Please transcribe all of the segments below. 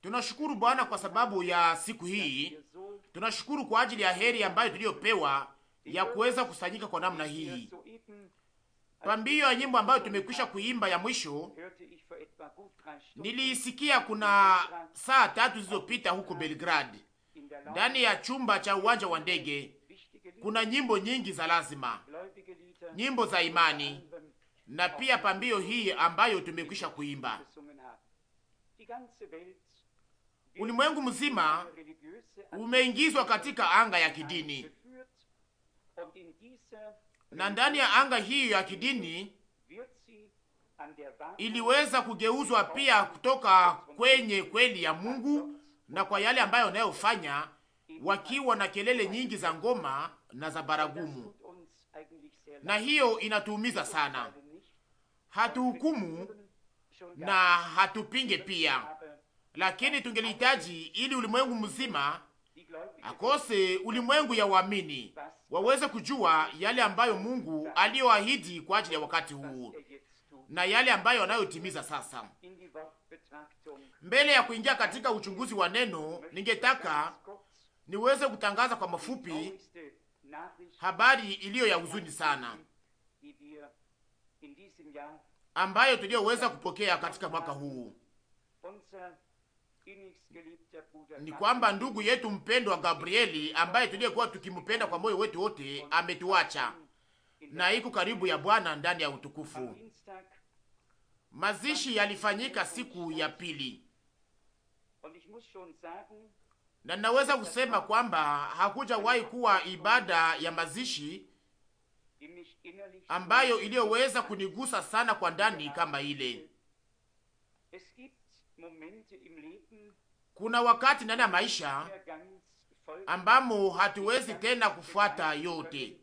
Tunashukuru Bwana kwa sababu ya siku hii, tunashukuru kwa ajili ya heri ambayo tuliyopewa ya kuweza kusanyika kwa namna hii. Pambio ya nyimbo ambayo tumekwisha kuimba ya mwisho niliisikia kuna saa tatu zilizopita huko Belgrade, ndani ya chumba cha uwanja wa ndege. Kuna nyimbo nyingi za lazima, nyimbo za imani, na pia pambio hii ambayo tumekwisha kuimba. Ulimwengu mzima umeingizwa katika anga ya kidini, na ndani ya anga hiyo ya kidini iliweza kugeuzwa pia kutoka kwenye kweli ya Mungu na kwa yale ambayo wanayofanya wakiwa na kelele nyingi za ngoma na za baragumu, na hiyo inatuumiza sana hatuhukumu na hatupinge pia, lakini tungelihitaji ili ulimwengu mzima akose ulimwengu ya waamini waweze kujua yale ambayo Mungu aliyoahidi kwa ajili ya wakati huu na yale ambayo anayotimiza sasa. Mbele ya kuingia katika uchunguzi wa neno, ningetaka niweze kutangaza kwa mafupi habari iliyo ya huzuni sana ambayo tuliyoweza kupokea katika mwaka huu ni kwamba ndugu yetu mpendwa Gabrieli ambaye tuliyekuwa tukimpenda kwa moyo wetu wote ametuacha na iko karibu ya Bwana ndani ya utukufu. Mazishi yalifanyika siku ya pili, na naweza kusema kwamba hakuja wahi kuwa ibada ya mazishi ambayo iliyoweza kunigusa sana kwa ndani kama ile. Kuna wakati ndani ya maisha ambamo hatuwezi tena kufuata yote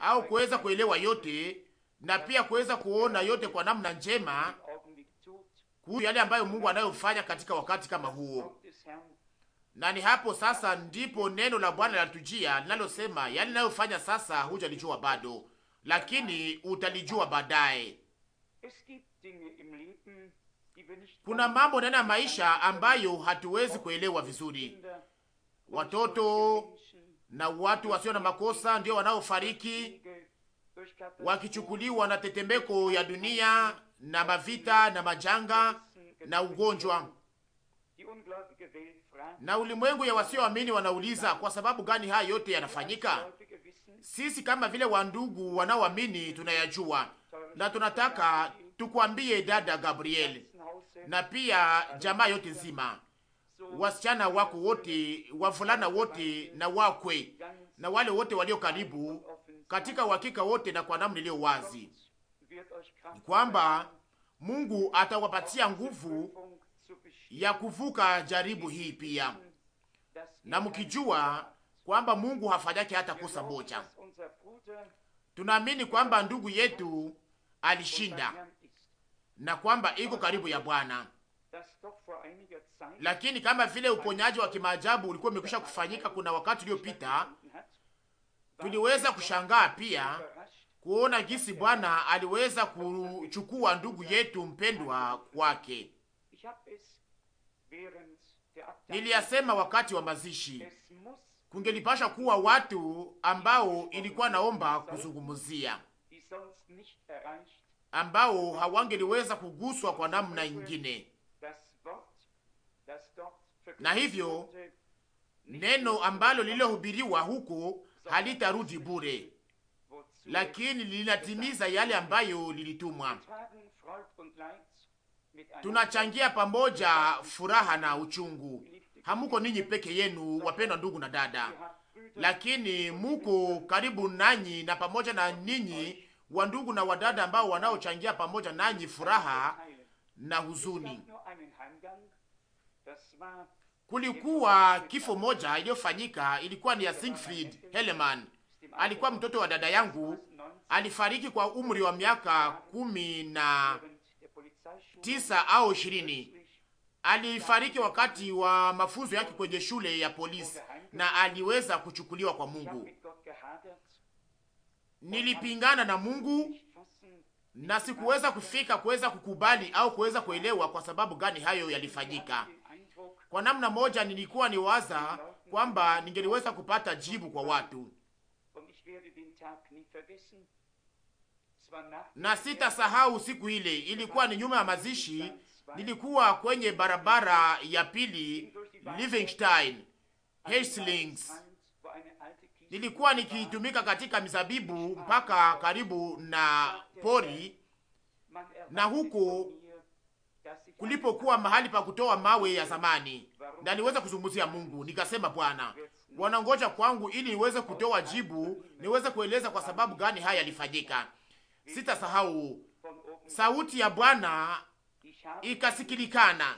au kuweza kuelewa yote na pia kuweza kuona yote kwa namna njema kuhusu yale ambayo Mungu anayofanya katika wakati kama huo. Na ni hapo sasa ndipo neno la Bwana linatujia linalosema, yale ninayofanya sasa hujalijua bado, lakini utalijua baadaye. Kuna mambo ndani ya maisha ambayo hatuwezi kuelewa vizuri. Watoto na watu wasio na makosa ndio wanaofariki wakichukuliwa na tetemeko ya dunia na mavita na majanga na ugonjwa, na ulimwengu ya wasioamini wanauliza kwa sababu gani haya yote yanafanyika? sisi kama vile wandugu wanaoamini tunayajua, na tunataka tukwambie dada Gabriel na pia jamaa yote nzima, wasichana wako wote, wavulana wote na wakwe na wale wote walio karibu, katika uhakika wote na kwa namna iliyo wazi, kwamba Mungu atawapatia nguvu ya kuvuka jaribu hii pia, na mkijua kwamba Mungu hafanyake hata kosa moja. Tunaamini kwamba ndugu yetu alishinda na kwamba iko karibu ya Bwana, lakini kama vile uponyaji wa kimaajabu ulikuwa umekwisha kufanyika kuna wakati uliopita, tuliweza kushangaa pia kuona jinsi Bwana aliweza kuchukua ndugu yetu mpendwa kwake. Niliyasema wakati wa mazishi kungenipasha kuwa watu ambao ilikuwa naomba kuzungumzia, ambao hawangeliweza kuguswa kwa namna nyingine, na hivyo neno ambalo lililohubiriwa huko halitarudi bure, lakini linatimiza yale ambayo lilitumwa. Tunachangia pamoja furaha na uchungu Hamuko ninyi peke yenu, wapendwa ndugu na dada, lakini muko karibu nanyi na pamoja na ninyi wa ndugu na wadada ambao wanaochangia pamoja nanyi furaha na huzuni. Kulikuwa kifo moja iliyofanyika, ilikuwa ni ya Siegfried Heleman. Alikuwa mtoto wa dada yangu, alifariki kwa umri wa miaka kumi na tisa au ishirini alifariki wakati wa mafunzo yake kwenye shule ya polisi na aliweza kuchukuliwa kwa Mungu. Nilipingana na Mungu na sikuweza kufika kuweza kukubali au kuweza kuelewa kwa sababu gani hayo yalifanyika. Kwa namna moja, nilikuwa ni waza kwamba ningeliweza kupata jibu kwa watu, na sitasahau siku ile, ilikuwa ni nyuma ya mazishi nilikuwa kwenye barabara ya pili Livingstein Hastings, nilikuwa nikitumika katika mizabibu mpaka karibu na pori, na huko kulipokuwa mahali pa kutoa mawe ya zamani, na niweza kuzungumzia Mungu. Nikasema, Bwana, wanangoja kwangu ili niweze kutoa jibu, niweze kueleza kwa sababu gani haya yalifanyika. Sitasahau sauti ya Bwana ikasikilikana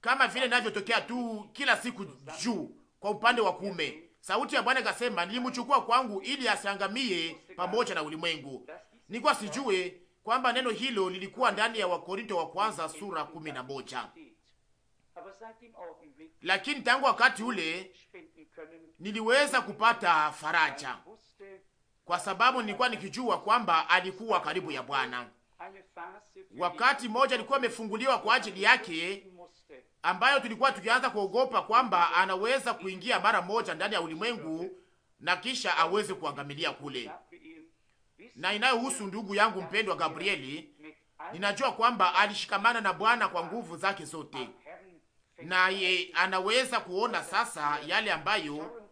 kama vile inavyotokea tu kila siku juu kwa upande wa kume. Sauti ya Bwana ikasema, nilimchukua kwangu ili asiangamie pamoja na ulimwengu. Nilikuwa sijue kwamba neno hilo lilikuwa ndani ya Wakorinto wa kwanza sura kumi na moja, lakini tangu wakati ule niliweza kupata faraja, kwa sababu nilikuwa nikijua kwamba alikuwa karibu ya Bwana wakati mmoja alikuwa amefunguliwa kwa ajili yake, ambayo tulikuwa tukianza kuogopa kwamba anaweza kuingia mara moja ndani ya ulimwengu na kisha aweze kuangamilia kule. Na inayohusu ndugu yangu mpendwa Gabrieli, ninajua kwamba alishikamana na Bwana kwa nguvu zake zote, naye anaweza kuona sasa yale ambayo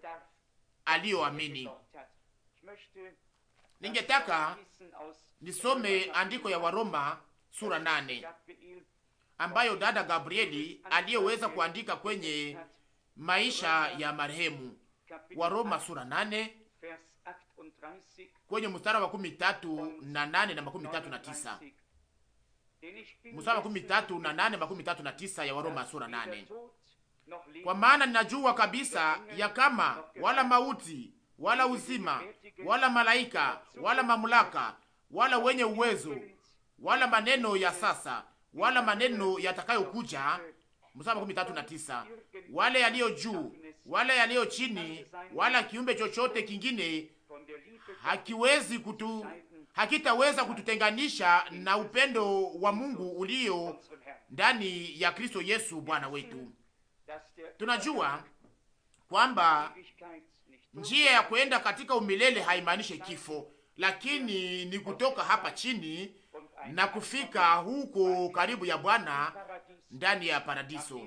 aliyoamini. Ningetaka nisome andiko ya Waroma sura nane ambayo dada Gabrieli aliyeweza kuandika kwenye maisha ya marehemu. Waroma sura nane kwenye mstari wa kumi tatu na nane na makumi tatu na tisa mstari wa kumi tatu na nane makumi tatu na tisa ya Waroma sura nane kwa maana ninajua kabisa ya kama wala mauti wala uzima wala malaika wala mamlaka wala wenye uwezo wala maneno ya sasa wala maneno yatakayokuja. Mstari makumi tatu na tisa, wale yaliyo juu wala yaliyo chini wala kiumbe chochote kingine hakiwezi kutu hakitaweza kututenganisha na upendo wa Mungu ulio ndani ya Kristo Yesu Bwana wetu. Tunajua kwamba njia ya kwenda katika umilele haimaanishi kifo, lakini ni kutoka hapa chini na kufika huko karibu ya Bwana ndani ya paradiso,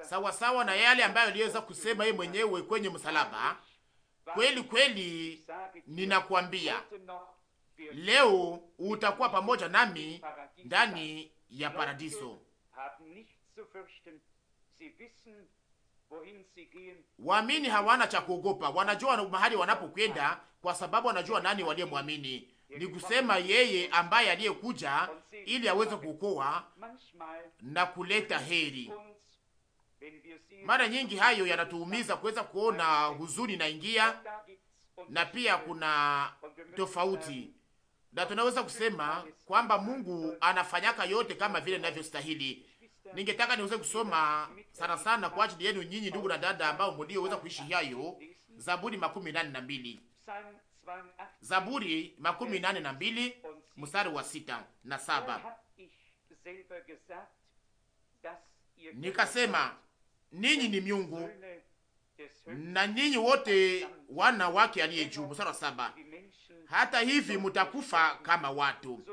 sawa sawa na yale ambayo aliweza kusema yeye mwenyewe kwenye msalaba. Kweli kweli ninakuambia leo utakuwa pamoja nami ndani ya paradiso. Waamini hawana cha kuogopa, wanajua mahali wanapokwenda, kwa sababu wanajua nani waliyemwamini. Ni kusema yeye ambaye aliyekuja ili aweze kuokoa na kuleta heri. Mara nyingi hayo yanatuumiza kuweza kuona huzuni inaingia, na pia kuna tofauti, na tunaweza kusema kwamba Mungu anafanyaka yote kama vile inavyostahili Ningetaka niweze kusoma sana sana kwa ajili yenu nyinyi ndugu na dada ambao mlioweza kuishi hayo, Zaburi makumi nane na mbili Zaburi makumi nane na mbili mstari wa sita na saba nikasema ninyi ni miungu na ninyi wote wana wake aliye juu. Mstari wa saba hata hivi mutakufa kama watu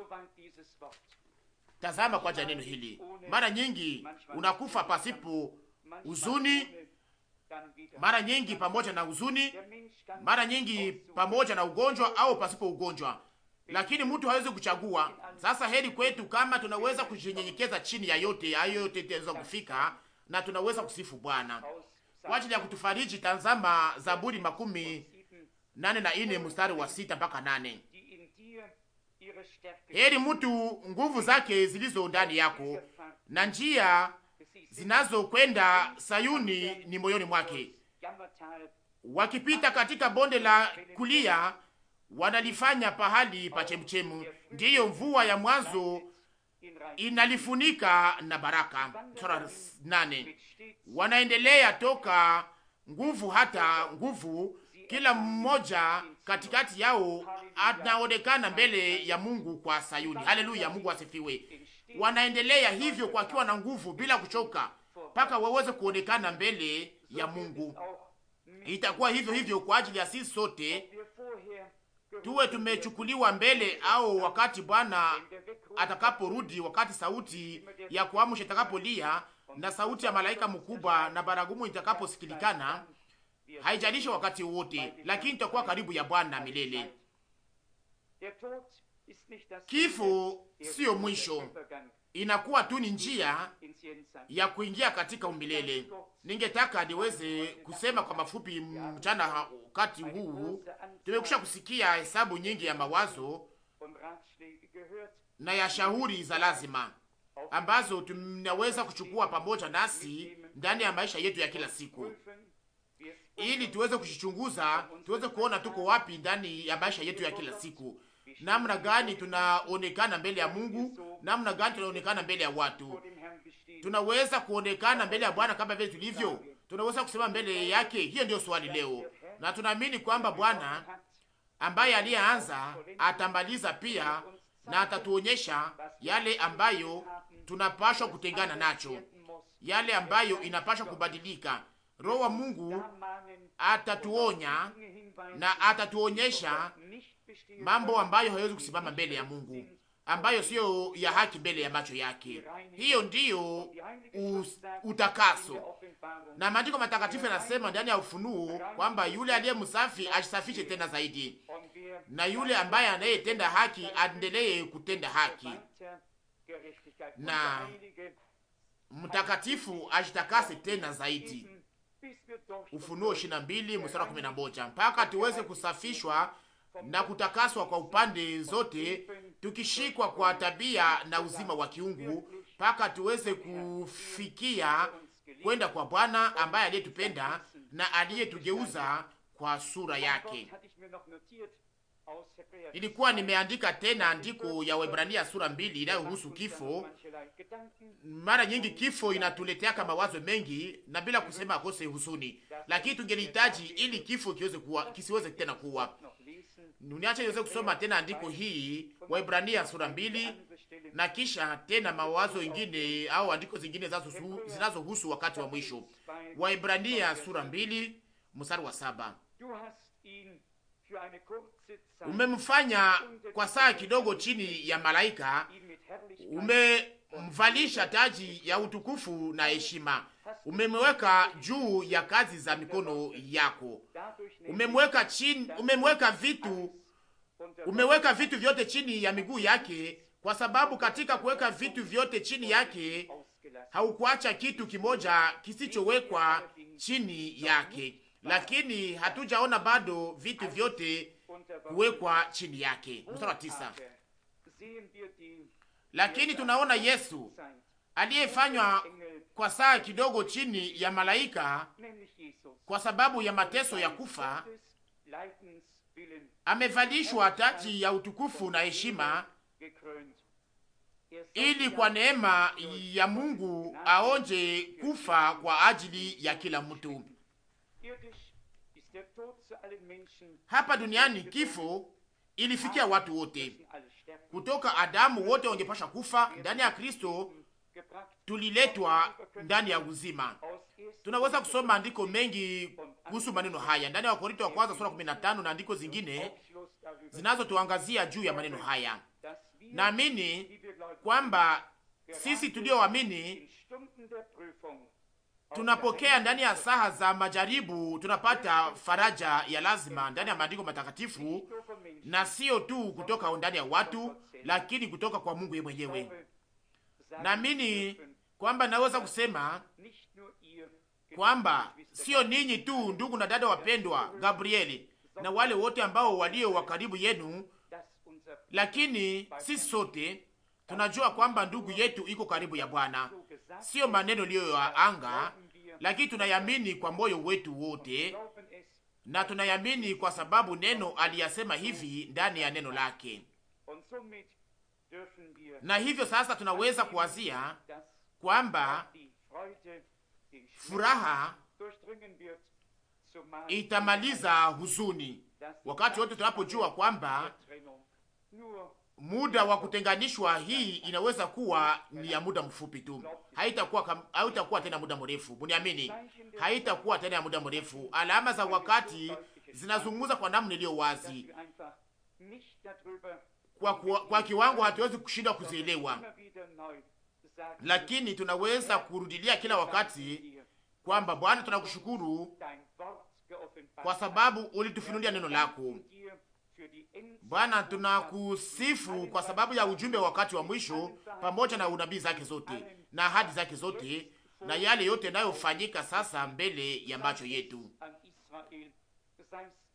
tazama kwa neno hili. Mara nyingi unakufa pasipo huzuni, mara nyingi pamoja na huzuni, mara nyingi pamoja na ugonjwa au pasipo ugonjwa, lakini mtu hawezi kuchagua. Sasa heri kwetu kama tunaweza kujinyenyekeza chini ya yote hayo yote tunaweza kufika na tunaweza kusifu Bwana kwa ajili ya kutufariji. Tazama Zaburi makumi nane na ine mstari wa sita mpaka nane. Heri mtu nguvu zake zilizo ndani yako, na njia zinazokwenda Sayuni ni moyoni mwake. Wakipita katika bonde la kulia, wanalifanya pahali pa chemchemu, ndiyo mvua ya mwanzo inalifunika na baraka. Sura nane, wanaendelea toka nguvu hata nguvu kila mmoja katikati yao anaonekana mbele ya Mungu kwa Sayuni. Haleluya, Mungu asifiwe. Wanaendelea hivyo wakiwa na nguvu bila kuchoka, mpaka waweze kuonekana mbele ya Mungu. Itakuwa hivyo hivyo kwa ajili ya sisi sote, tuwe tumechukuliwa mbele, au wakati Bwana atakaporudi, wakati sauti ya kuamsha itakapolia na sauti ya malaika mkubwa na baragumu itakaposikilikana haijalishi wakati wote, lakini tutakuwa karibu ya Bwana milele. Kifo siyo mwisho, inakuwa tu ni njia ya kuingia katika umilele. Yaani Ningetaka niweze kusema kwa mafupi mchana wakati huu, tumekwisha kusikia hesabu nyingi ya mawazo na ya shauri za lazima ambazo tunaweza kuchukua pamoja nasi ndani ya maisha yetu ya kila siku ili tuweze kujichunguza, tuweze kuona tuko wapi ndani ya maisha yetu ya kila siku, namna gani tunaonekana mbele ya Mungu, namna gani tunaonekana mbele ya watu. Tunaweza kuonekana mbele ya Bwana kama vile tulivyo, tunaweza kusema mbele yake. Hiyo ndio swali leo, na tunaamini kwamba Bwana ambaye aliyeanza atamaliza pia, na atatuonyesha yale ambayo tunapashwa kutengana nacho, yale ambayo inapashwa kubadilika Roho wa Mungu atatuonya na atatuonyesha mambo ambayo hayawezi kusimama mbele ya Mungu, ambayo siyo ya haki mbele ya macho yake. Hiyo ndiyo utakaso. Na maandiko matakatifu yanasema ndani ya Ufunuo kwamba yule aliye msafi ajisafishe tena zaidi, na yule ambaye anayetenda haki aendelee kutenda haki, na mtakatifu ajitakase tena zaidi Ufunuo 22 mstari 11, mpaka tuweze kusafishwa na kutakaswa kwa upande zote, tukishikwa kwa tabia na uzima wa kiungu, mpaka tuweze kufikia kwenda kwa Bwana ambaye aliyetupenda na aliyetugeuza kwa sura yake. Ilikuwa nimeandika tena andiko ya Waebrania sura mbili inayohusu kifo. Mara nyingi kifo inatuleteaka mawazo mengi na bila kusema akose husuni, lakini tungelihitaji ili kifo kiweze kuwa kisiweze tena kuwa. Niache niweze kusoma tena andiko hii Waebrania sura mbili na kisha tena mawazo ingine au andiko zingine zinazohusu wakati wa mwisho. Waebrania sura mbili mstari wa saba umemfanya kwa saa kidogo chini ya malaika, umemvalisha taji ya utukufu na heshima, umemweka juu ya kazi za mikono yako, umemweka chini, umemweka vitu, umeweka vitu vyote chini ya miguu yake, kwa sababu katika kuweka vitu vyote chini yake haukuacha kitu kimoja kisichowekwa chini yake. Lakini hatujaona bado vitu vyote kuwekwa chini yake. Mstari wa tisa. Lakini tunaona Yesu aliyefanywa kwa saa kidogo chini ya malaika kwa sababu ya mateso ya kufa, amevalishwa taji ya utukufu na heshima, ili kwa neema ya Mungu aonje kufa kwa ajili ya kila mtu hapa duniani kifo ilifikia watu wote, kutoka Adamu wote wangepasha kufa. Ndani ya Kristo tuliletwa ndani ya uzima. Tunaweza kusoma andiko mengi kuhusu maneno haya ndani ya Wakorinto wa kwanza sura 15 na andiko zingine zinazotuangazia juu ya maneno haya. Naamini kwamba sisi tulioamini tunapokea ndani ya saha za majaribu, tunapata faraja ya lazima ndani ya maandiko matakatifu, na sio tu kutoka ndani ya watu, lakini kutoka kwa Mungu yeye mwenyewe. Naamini kwamba naweza kusema kwamba sio ninyi tu, ndugu na dada wapendwa, Gabrieli na wale wote ambao walio wa karibu yenu, lakini sisi sote tunajua kwamba ndugu yetu iko karibu ya Bwana siyo maneno liyo ya anga, lakini tunayamini kwa moyo wetu wote, na tunayamini kwa sababu neno aliyasema hivi ndani ya neno lake. Na hivyo sasa tunaweza kuwazia kwamba furaha itamaliza huzuni wakati wote tunapojua kwamba muda wa kutenganishwa hii inaweza kuwa ni ya muda mfupi tu, haitakuwa haitakuwa tena muda mrefu. Mniamini, haitakuwa tena ya muda mrefu. Alama za wakati zinazungumza kwa namna iliyo wazi, kwa, kwa, kwa kiwango hatuwezi kushindwa kuzielewa, lakini tunaweza kurudilia kila wakati kwamba Bwana, tunakushukuru kwa sababu ulitufunulia neno lako Bwana, tunakusifu kwa sababu ya ujumbe wa wakati wa mwisho pamoja na unabii zake zote na ahadi zake zote na yale yote yanayofanyika sasa mbele ya macho yetu,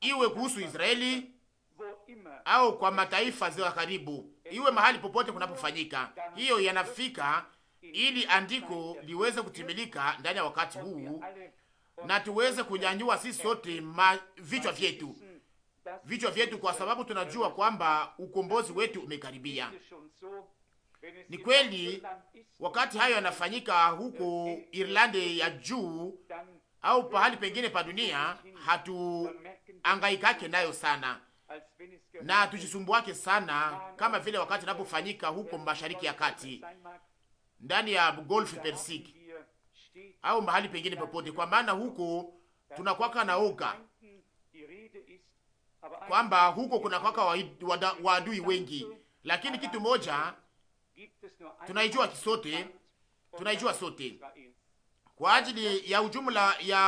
iwe kuhusu Israeli au kwa mataifa za karibu, iwe mahali popote kunapofanyika hiyo, yanafika ili andiko liweze kutimilika ndani ya wakati huu na tuweze kunyanyua sisi sote vichwa vyetu vichwa vyetu, kwa sababu tunajua kwamba ukombozi wetu umekaribia. Ni kweli, wakati hayo yanafanyika huko Irlande ya juu au pahali pengine pa dunia, hatuangaikake nayo sana na tujisumbuake sana, kama vile wakati inapofanyika huko mashariki ya kati, ndani ya Golf Persik au mahali pengine popote, kwa maana huko tunakwaka na oga kwamba huko kuna kwaka waadui wengi, lakini kitu moja tunaijua kisote, tunaijua sote kwa ajili ya ujumla ya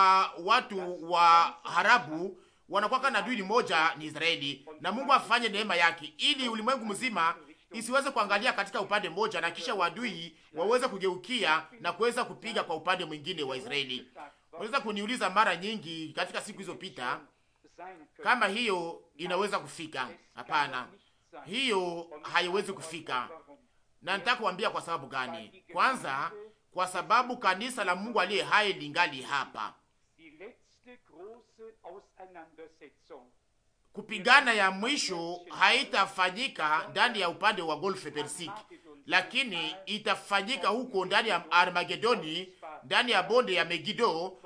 watu wa harabu wanakwaka na adui moja ni Israeli, na Mungu afanye neema yake ili ulimwengu mzima isiweze kuangalia katika upande mmoja na kisha wadui waweze kugeukia na kuweza kupiga kwa upande mwingine wa Israeli. Waweza kuniuliza mara nyingi katika siku hizo pita kama hiyo inaweza kufika? Hapana, hiyo haiwezi kufika. Na nataka kuambia kwa sababu gani? Kwanza, kwa sababu kanisa la Mungu aliye hai lingali hapa. Kupigana ya mwisho haitafanyika ndani ya upande wa Golfe Persik, lakini itafanyika huko ndani ya Armagedoni, ndani ya bonde ya Megido,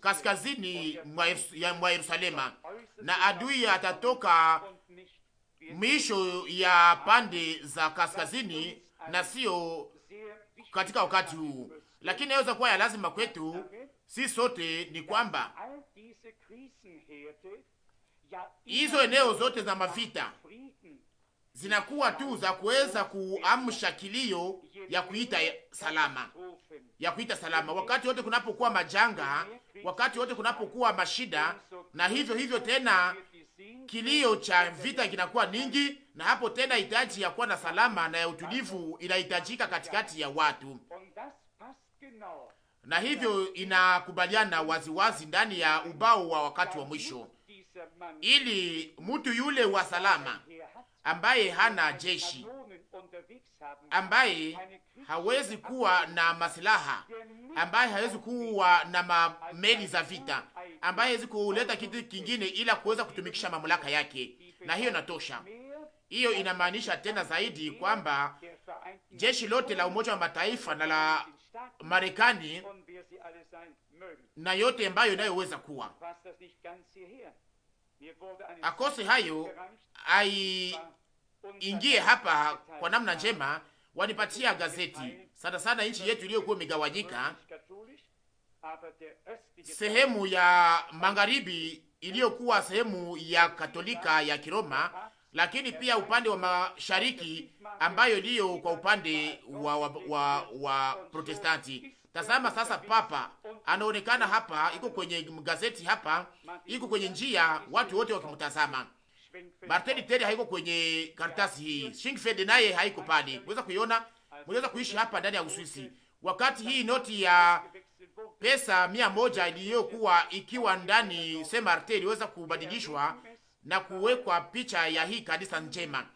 kaskazini mwa Yerusalema, na adui atatoka mwisho ya pande za kaskazini, na sio katika wakati huu. Lakini naweza kuwa ya lazima kwetu si sote ni kwamba hizo eneo zote za mavita zinakuwa tu za kuweza kuamsha kilio ya kuita salama, ya kuita salama, wakati wote kunapokuwa majanga, wakati wote kunapokuwa mashida. Na hivyo hivyo tena kilio cha vita kinakuwa ningi, na hapo tena hitaji ya kuwa na salama na ya utulivu inahitajika katikati ya watu, na hivyo inakubaliana waziwazi ndani ya ubao wa wakati wa mwisho, ili mtu yule wa salama ambaye hana jeshi, ambaye hawezi kuwa na masilaha, ambaye hawezi kuwa na meli za vita, ambaye hawezi kuleta kitu kingine ila kuweza kutumikisha mamlaka yake, na hiyo inatosha. Hiyo inamaanisha tena zaidi kwamba jeshi lote la Umoja wa Mataifa na la Marekani na yote ambayo inayoweza kuwa akose hayo aiingie hapa kwa namna njema, wanipatia gazeti sana sana nchi yetu iliyokuwa imegawanyika, sehemu ya magharibi iliyokuwa sehemu ya Katolika ya Kiroma, lakini pia upande wa mashariki ambayo iliyo kwa upande wa, wa, wa, wa Protestanti. Tazama sasa, papa anaonekana hapa, iko kwenye gazeti hapa, iko kwenye njia, watu wote wakimtazama. Martin Luther haiko kwenye karatasi hii. Shingfeld naye haiko pale. Unaweza kuiona? Mnaweza kuishi hapa ndani ya Uswisi. Wakati hii noti ya pesa mia moja iliyokuwa ikiwa ndani Martin iliweza kubadilishwa na kuwekwa picha ya hii kanisa njema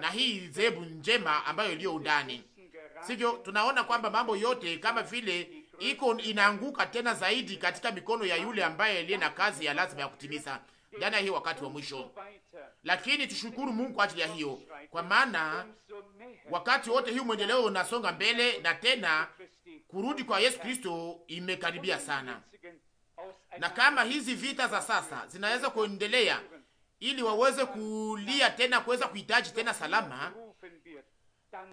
na hii zebu njema ambayo iliyo ndani. Sivyo, tunaona kwamba mambo yote kama vile iko inaanguka tena zaidi katika mikono ya yule ambaye aliye na kazi ya lazima ya kutimiza ndani ya wakati wa mwisho. Lakini tushukuru Mungu kwa ajili ya hiyo, kwa maana wakati wote hii mwendeleo unasonga mbele, na tena kurudi kwa Yesu Kristo imekaribia sana, na kama hizi vita za sasa zinaweza kuendelea ili waweze kulia tena kuweza kuhitaji tena salama,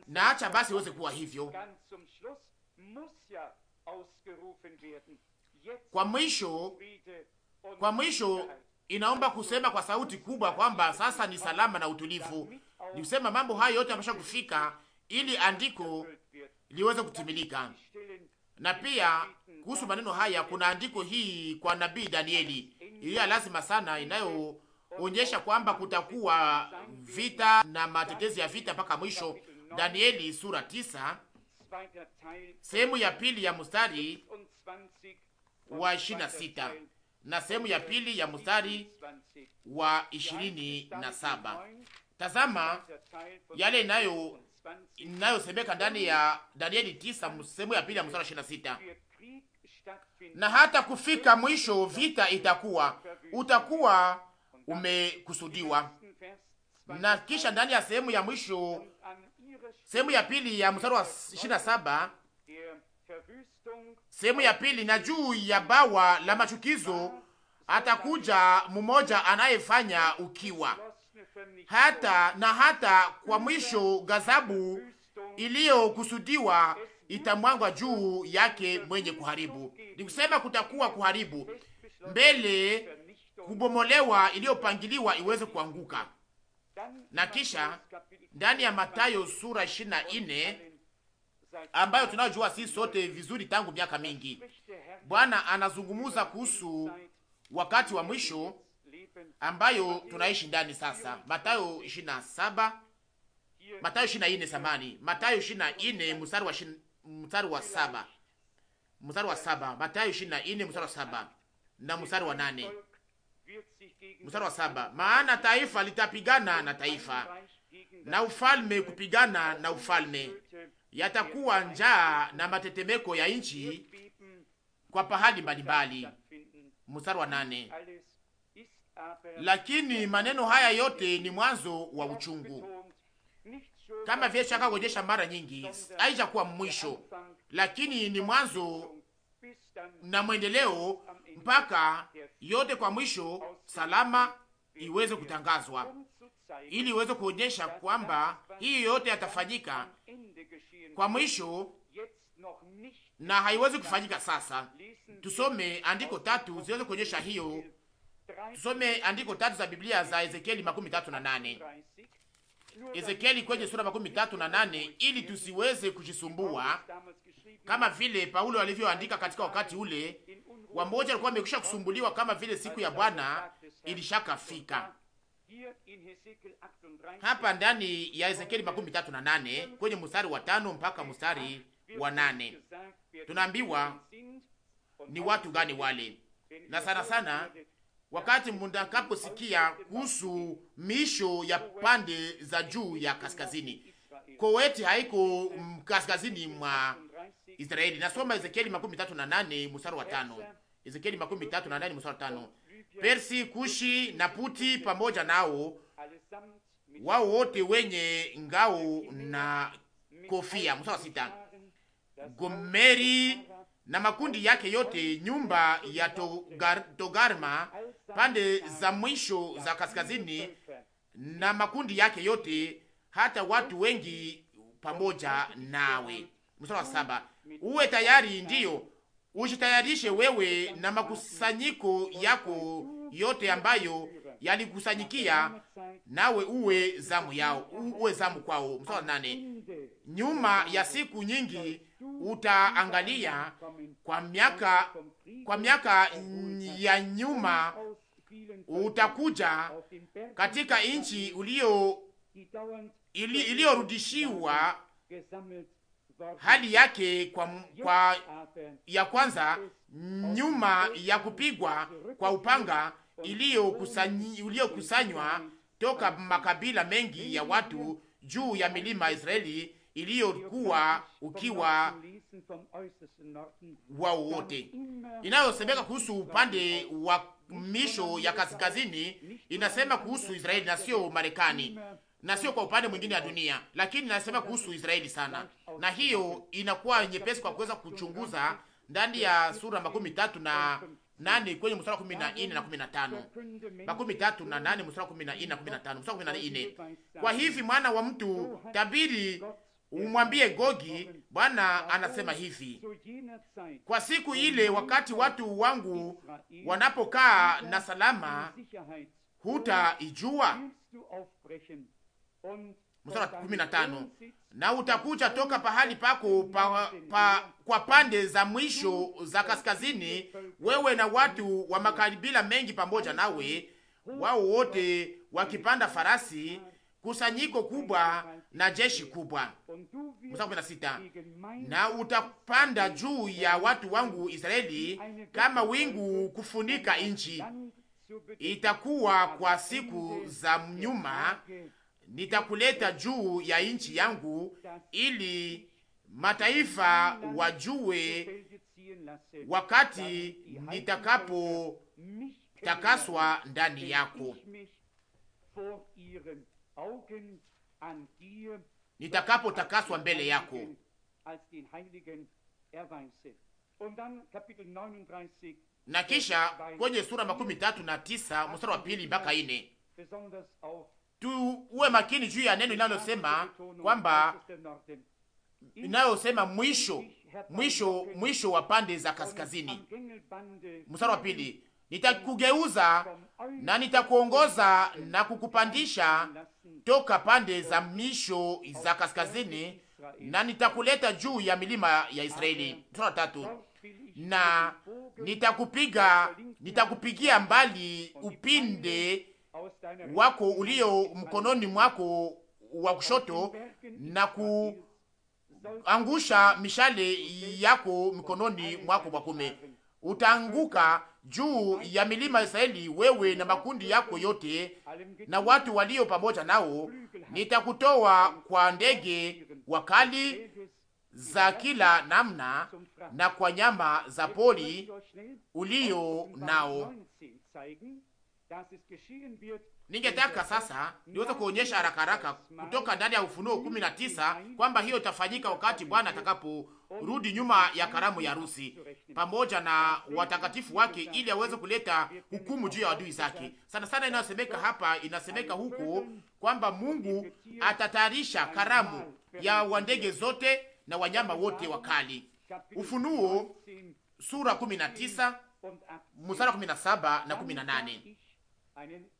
na acha basi iweze kuwa hivyo. Kwa mwisho, kwa mwisho inaomba kusema kwa sauti kubwa kwamba sasa ni salama na utulivu. Ni kusema mambo hayo yote yamesha kufika ili andiko liweze kutimilika. Na pia kuhusu maneno haya, kuna andiko hii kwa nabii Danieli iliyo lazima sana, inayoonyesha kwamba kutakuwa vita na matetezi ya vita mpaka mwisho. Danieli sura tisa sehemu ya pili ya mstari wa ishirini na sita na sehemu ya pili ya mstari wa ishirini na saba. Tazama yale inayo inayosemeka ndani ya Danieli tisa sehemu ya pili ya mstari wa ishirini na sita na hata kufika mwisho vita itakuwa utakuwa umekusudiwa. Na kisha ndani ya sehemu ya mwisho sehemu ya pili ya mstari wa ishirini na saba Sehemu ya pili, na juu ya bawa la machukizo atakuja mmoja anayefanya ukiwa hata na hata kwa mwisho, ghadhabu iliyokusudiwa itamwangwa juu yake mwenye kuharibu. Ni kusema kutakuwa kuharibu mbele, kubomolewa iliyopangiliwa iweze kuanguka. Na kisha ndani ya Mathayo sura 24 ambayo tunajua sisi sote vizuri tangu miaka mingi. Bwana anazungumuza kuhusu wakati wa mwisho ambayo tunaishi ndani sasa. Mathayo 27 Mathayo 24 samani, Mathayo 24 mstari wa mstari wa saba mstari wa saba Mathayo 24 mstari wa saba na mstari wa nane mstari wa saba maana taifa litapigana na taifa na ufalme kupigana na ufalme yatakuwa njaa na matetemeko ya nchi kwa pahali mbalimbali. Mstari wa nane. Lakini maneno haya yote ni mwanzo wa uchungu, kama vile shaka kuonyesha mara nyingi, haijakuwa mwisho, lakini ni mwanzo na mwendeleo mpaka yote kwa mwisho salama iweze kutangazwa, ili iweze kuonyesha kwamba hiyo yote yatafanyika kwa mwisho na haiwezi kufanyika sasa. Tusome andiko tatu ziweze kuonyesha hiyo. Tusome andiko tatu za Biblia za Ezekieli makumi tatu na nane Ezekieli kwenye sura makumi tatu na nane ili tusiweze kujisumbua kama vile Paulo alivyoandika katika wakati ule. Wamoja alikuwa amekwisha kusumbuliwa kama vile siku ya Bwana ilishakafika hapa ndani ya Ezekieli makumi tatu na nane kwenye mstari wa tano mpaka mstari wa nane tunaambiwa ni watu gani wale, na sana sana wakati mtakaposikia kuhusu miisho ya pande za juu ya kaskazini. Koweti haiko kaskazini mwa Israeli. Nasoma Ezekieli makumi tatu na nane mstari wa tano. Ezekieli makumi tatu na nane mstari wa tano. Persi, Kushi na Puti pamoja nao, wao wote wenye ngao na kofia. Mstari sita. Gomeri na makundi yake yote, nyumba ya Togar, Togarma pande za mwisho za kaskazini na makundi yake yote, hata watu wengi pamoja nawe. Mstari wa saba. Uwe tayari, ndiyo ujitayarishe wewe na makusanyiko yako yote ambayo yalikusanyikia, nawe uwe zamu yao, uwe zamu kwao. Mstari nane, nyuma ya siku nyingi utaangalia kwa miaka, kwa miaka ya nyuma utakuja katika nchi iliyorudishiwa hali yake kwa, kwa ya kwanza nyuma ya kupigwa kwa upanga iliyokusanywa toka makabila mengi ya watu juu ya milima ya Israeli iliyokuwa ukiwa wao wote. Inayosemeka kuhusu upande wa misho ya kaskazini inasema kuhusu Israeli na sio Marekani na sio kwa upande mwingine ya dunia, lakini nasema kuhusu Israeli sana, na hiyo inakuwa nyepesi kwa kuweza kuchunguza ndani ya sura makumi tatu na nane kwenye mstari kumi na nne na kumi na tano makumi tatu na nane mstari kumi na nne na kumi na tano mstari kumi na nne Kwa hivi mwana wa mtu, tabiri umwambie Gogi, Bwana anasema hivi: kwa siku ile, wakati watu wangu wanapokaa na salama, hutaijua mstari wa kumi na tano na utakuja toka pahali pako pa, pa, kwa pande za mwisho za kaskazini, wewe na watu wa makabila mengi pamoja nawe, wao wote wakipanda farasi, kusanyiko kubwa na jeshi kubwa. Mstari wa sita, na utapanda juu ya watu wangu Israeli kama wingu kufunika nchi, itakuwa kwa siku za nyuma nitakuleta juu ya nchi yangu ili mataifa wajue wakati takaswa ndani yako, takaswa mbele yako. Na kisha kwenye sura makumi tatu na tisa mstari wa pili mpaka ine tuwe makini juu ya neno linalosema kwamba inayosema mwisho mwisho mwisho wa pande za kaskazini. Mstari wa pili, nitakugeuza na nitakuongoza na kukupandisha toka pande za misho za kaskazini, na nitakuleta juu ya milima ya Israeli. Mstari wa tatu, na nitakupiga nitakupigia mbali upinde wako ulio mkononi mwako wa kushoto na kuangusha mishale yako mikononi mwako mwa kume. Utaanguka juu ya milima ya Israeli, wewe na makundi yako yote na watu walio pamoja nao. Nitakutoa kwa ndege wakali za kila namna na kwa nyama za poli ulio nao. Ningetaka sasa niweze kuonyesha haraka haraka kutoka ndani ya Ufunuo kumi na tisa kwamba hiyo itafanyika wakati Bwana atakaporudi um nyuma ya karamu ya harusi pamoja na watakatifu wake, ili aweze kuleta hukumu juu ya adui zake. Sana sana inayosemeka hapa, inasemeka huko kwamba Mungu atatayarisha karamu ya wandege zote na wanyama wote wakali. Ufunuo sura 19 mstari 17 na 18.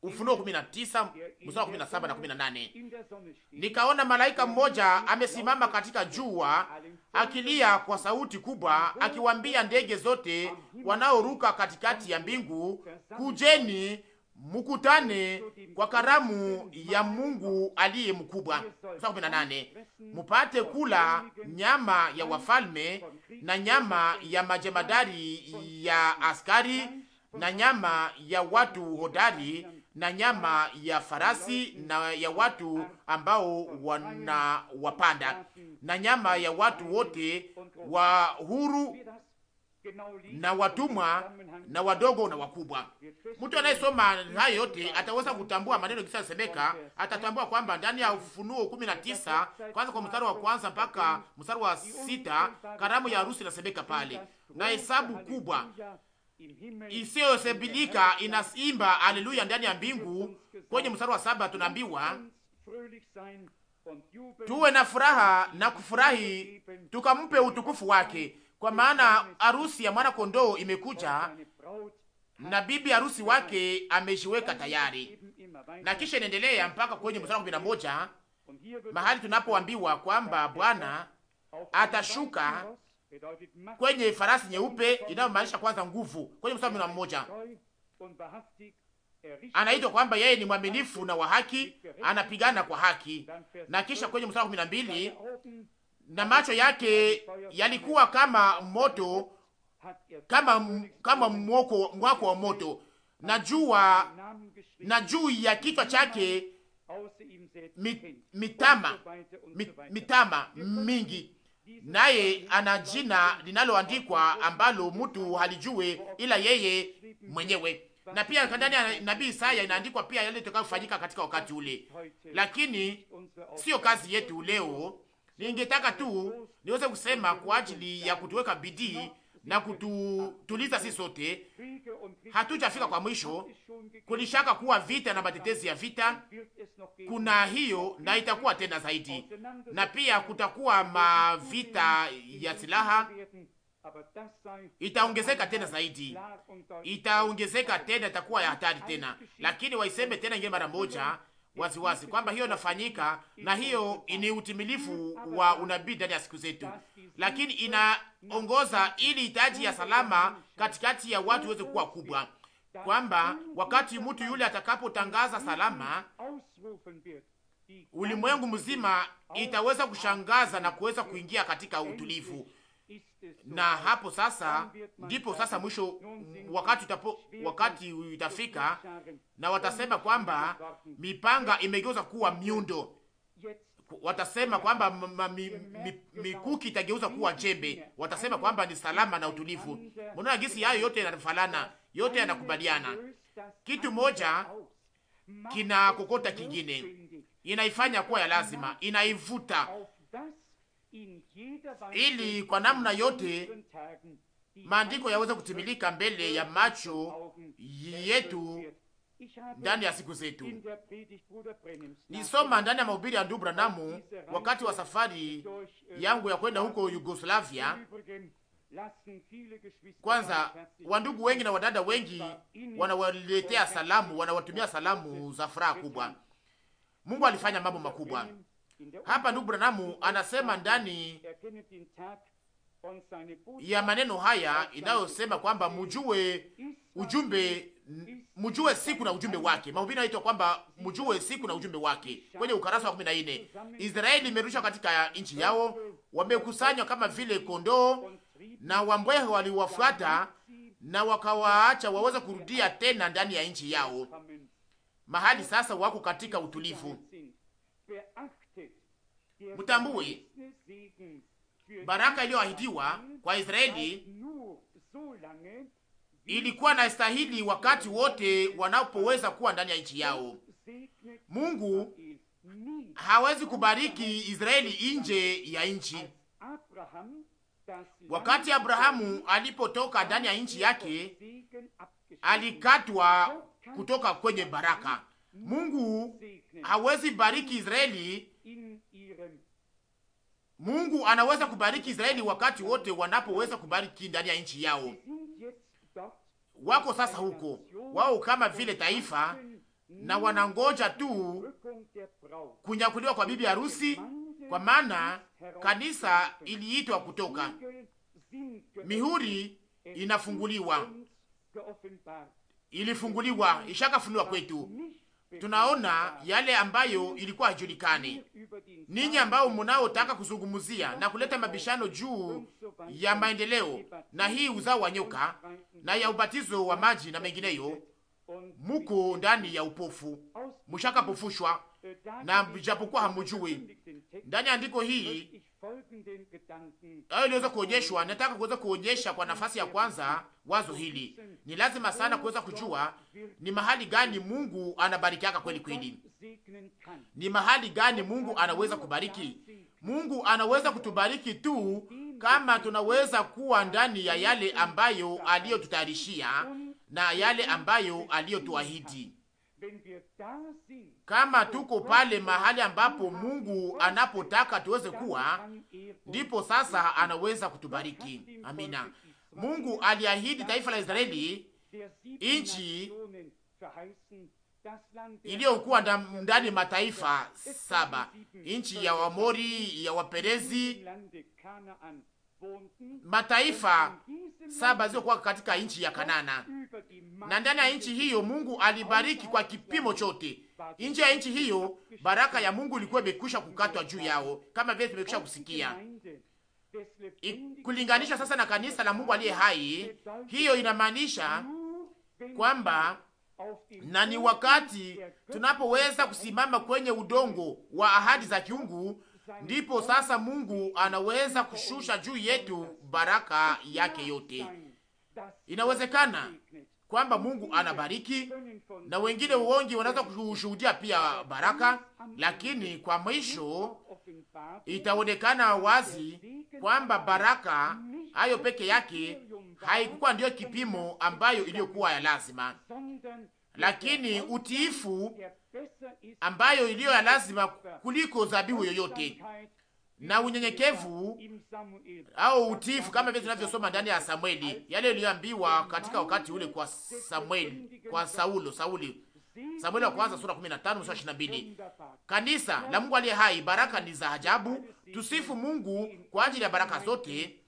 Ufunuo 19 mstari wa 17 na 18, nikaona malaika mmoja amesimama katika jua akilia kwa sauti kubwa, akiwaambia ndege zote wanaoruka katikati ya mbingu, kujeni mukutane kwa karamu ya Mungu aliye mkubwa. Mstari wa 18, mupate kula nyama ya wafalme na nyama ya majemadari ya askari na nyama ya watu hodari na nyama ya farasi na ya watu ambao wana wapanda na nyama ya watu wote wa huru na watumwa na wadogo na wakubwa. Mtu anayesoma hayo yote ataweza kutambua maneno kisa semeka, atatambua kwamba ndani ya Ufunuo 19 kwanza kwa mstari wa kwanza mpaka mstari wa sita karamu ya harusi inasemeka pale, na hesabu kubwa isiyosebilika inaimba aleluya ndani ya mbingu. Kwenye mstari wa saba tunaambiwa tuwe na furaha na kufurahi, tukampe utukufu wake, kwa maana arusi ya mwana kondoo imekuja na bibi harusi wake amejiweka tayari. Na kisha inaendelea mpaka kwenye mstari wa kumi na moja mahali tunapoambiwa kwamba Bwana atashuka kwenye farasi nyeupe inayomaanisha kwanza nguvu. Kwenye mstari wa mmoja anaitwa kwamba yeye ni mwaminifu na wa haki, anapigana kwa haki. Na kisha kwenye mstari kumi na mbili na macho yake yalikuwa kama moto, kama kama mwako mwako wa moto, na jua na juu ya kichwa chake mitama mitama mingi naye ana jina linaloandikwa ambalo mtu halijue ila yeye mwenyewe. Na pia ndani ya nabii Isaya inaandikwa pia yale itakayofanyika katika wakati ule, lakini sio kazi yetu leo. Ningetaka tu niweze kusema kwa ajili ya kutuweka bidii na kututuliza sisi sote. Hatujafika kwa mwisho, kulishaka kuwa vita na matetezi ya vita, kuna hiyo na itakuwa tena zaidi, na pia kutakuwa mavita ya silaha itaongezeka tena zaidi, itaongezeka tena, itakuwa ya hatari tena. Lakini waiseme tena ingine mara moja, waziwazi kwamba hiyo inafanyika na hiyo ni utimilifu wa unabii ndani ya siku zetu, lakini inaongoza ili hitaji ya salama katikati ya watu iweze kuwa kubwa, kwamba wakati mtu yule atakapotangaza salama, ulimwengu mzima itaweza kushangaza na kuweza kuingia katika utulivu na hapo sasa ndipo sasa mwisho wakati utapo, wakati utafika na watasema kwamba mipanga imegeuza kuwa miundo. Watasema kwamba mikuki itageuza kuwa jembe. Watasema kwamba ni salama na utulivu. Mbona gisi hayo yote yanafanana, yote yanakubaliana. Kitu moja kina kokota kingine, inaifanya kuwa ya lazima, inaivuta ili kwa namna yote maandiko yaweze kutimilika mbele ya macho yetu ndani ya siku zetu. Nisoma ndani ya mahubiri ya ndugu Branamu wakati wa safari äh, yangu ya kwenda huko Yugoslavia. Kwanza, wandugu wengi na wadada wengi wanawaletea salamu, wanawatumia salamu za furaha kubwa. Mungu alifanya mambo makubwa hapa ndugu Branamu anasema ndani ya maneno haya inayosema kwamba mujue ujumbe, mujue siku na ujumbe wake. Mahubiri naitwa kwamba mujue siku na ujumbe wake. Kwenye ukarasa wa 14, Israeli imerusha katika nchi yao, wamekusanywa kama vile kondoo, na wambwehe waliwafuata na wakawaacha waweze kurudia tena ndani ya nchi yao, mahali sasa wako katika utulivu mtambue baraka iliyoahidiwa kwa Israeli ilikuwa na stahili wakati wote wanapoweza kuwa ndani ya nchi yao. Mungu hawezi kubariki Israeli nje ya nchi. Wakati Abrahamu alipotoka ndani ya nchi yake, alikatwa kutoka kwenye baraka. Mungu hawezi bariki Israeli Mungu anaweza kubariki Israeli wakati wote wanapoweza kubariki ndani ya nchi yao. Wako sasa huko wao kama vile taifa, na wanangoja tu kunyakuliwa kwa bibi harusi, kwa maana kanisa iliitwa kutoka, mihuri inafunguliwa, ilifunguliwa, ishakafunua kwetu tunaona yale ambayo ilikuwa hajulikani. Ninyi ambao munaotaka kuzungumzia na kuleta mabishano juu ya maendeleo na hii uzao wa nyoka na ya ubatizo wa maji na mengineyo, muko ndani ya upofu, pofushwa na japokuwa hamujui. Ndani ya andiko hii hayo iliweza kuonyeshwa. Nataka kuweza kuonyesha kwa nafasi ya kwanza wazo hili, ni lazima sana kuweza kujua ni mahali gani Mungu anabarikiaka kweli kweli, ni mahali gani Mungu anaweza kubariki. Mungu anaweza kutubariki tu kama tunaweza kuwa ndani ya yale ambayo aliyotutayarishia na yale ambayo aliyotuahidi. Kama tuko pale mahali ambapo Mungu anapotaka tuweze kuwa, ndipo sasa anaweza kutubariki. Amina. Mungu aliahidi taifa la Israeli nchi iliyokuwa ndani mataifa saba, nchi ya Wamori, ya Waperezi mataifa saba zilizokuwa katika nchi ya Kanana, na ndani ya nchi hiyo Mungu alibariki kwa kipimo chote. Nje ya nchi hiyo baraka ya Mungu ilikuwa imekwisha kukatwa juu yao, kama vile tumekwisha kusikia kulinganisha sasa na kanisa la Mungu aliye hai. Hiyo inamaanisha kwamba na ni wakati tunapoweza kusimama kwenye udongo wa ahadi za kiungu ndipo sasa Mungu anaweza kushusha juu yetu baraka yake yote. Inawezekana kwamba Mungu anabariki na wengine wengi wanaweza kushuhudia pia baraka, lakini kwa mwisho itaonekana wazi kwamba baraka hayo peke yake haikuwa ndiyo kipimo ambayo iliyokuwa ya lazima, lakini utiifu ambayo iliyo ya lazima kuliko zabihu yoyote na unyenyekevu au utifu, kama vile tunavyosoma ndani ya Samueli, yale iliyoambiwa katika wakati ule kwa Samueli, kwa Saulo, Sauli, Samueli wa kwanza sura 15 mstari 22. Kanisa la Mungu aliye hai, baraka ni za ajabu. Tusifu Mungu kwa ajili ya baraka zote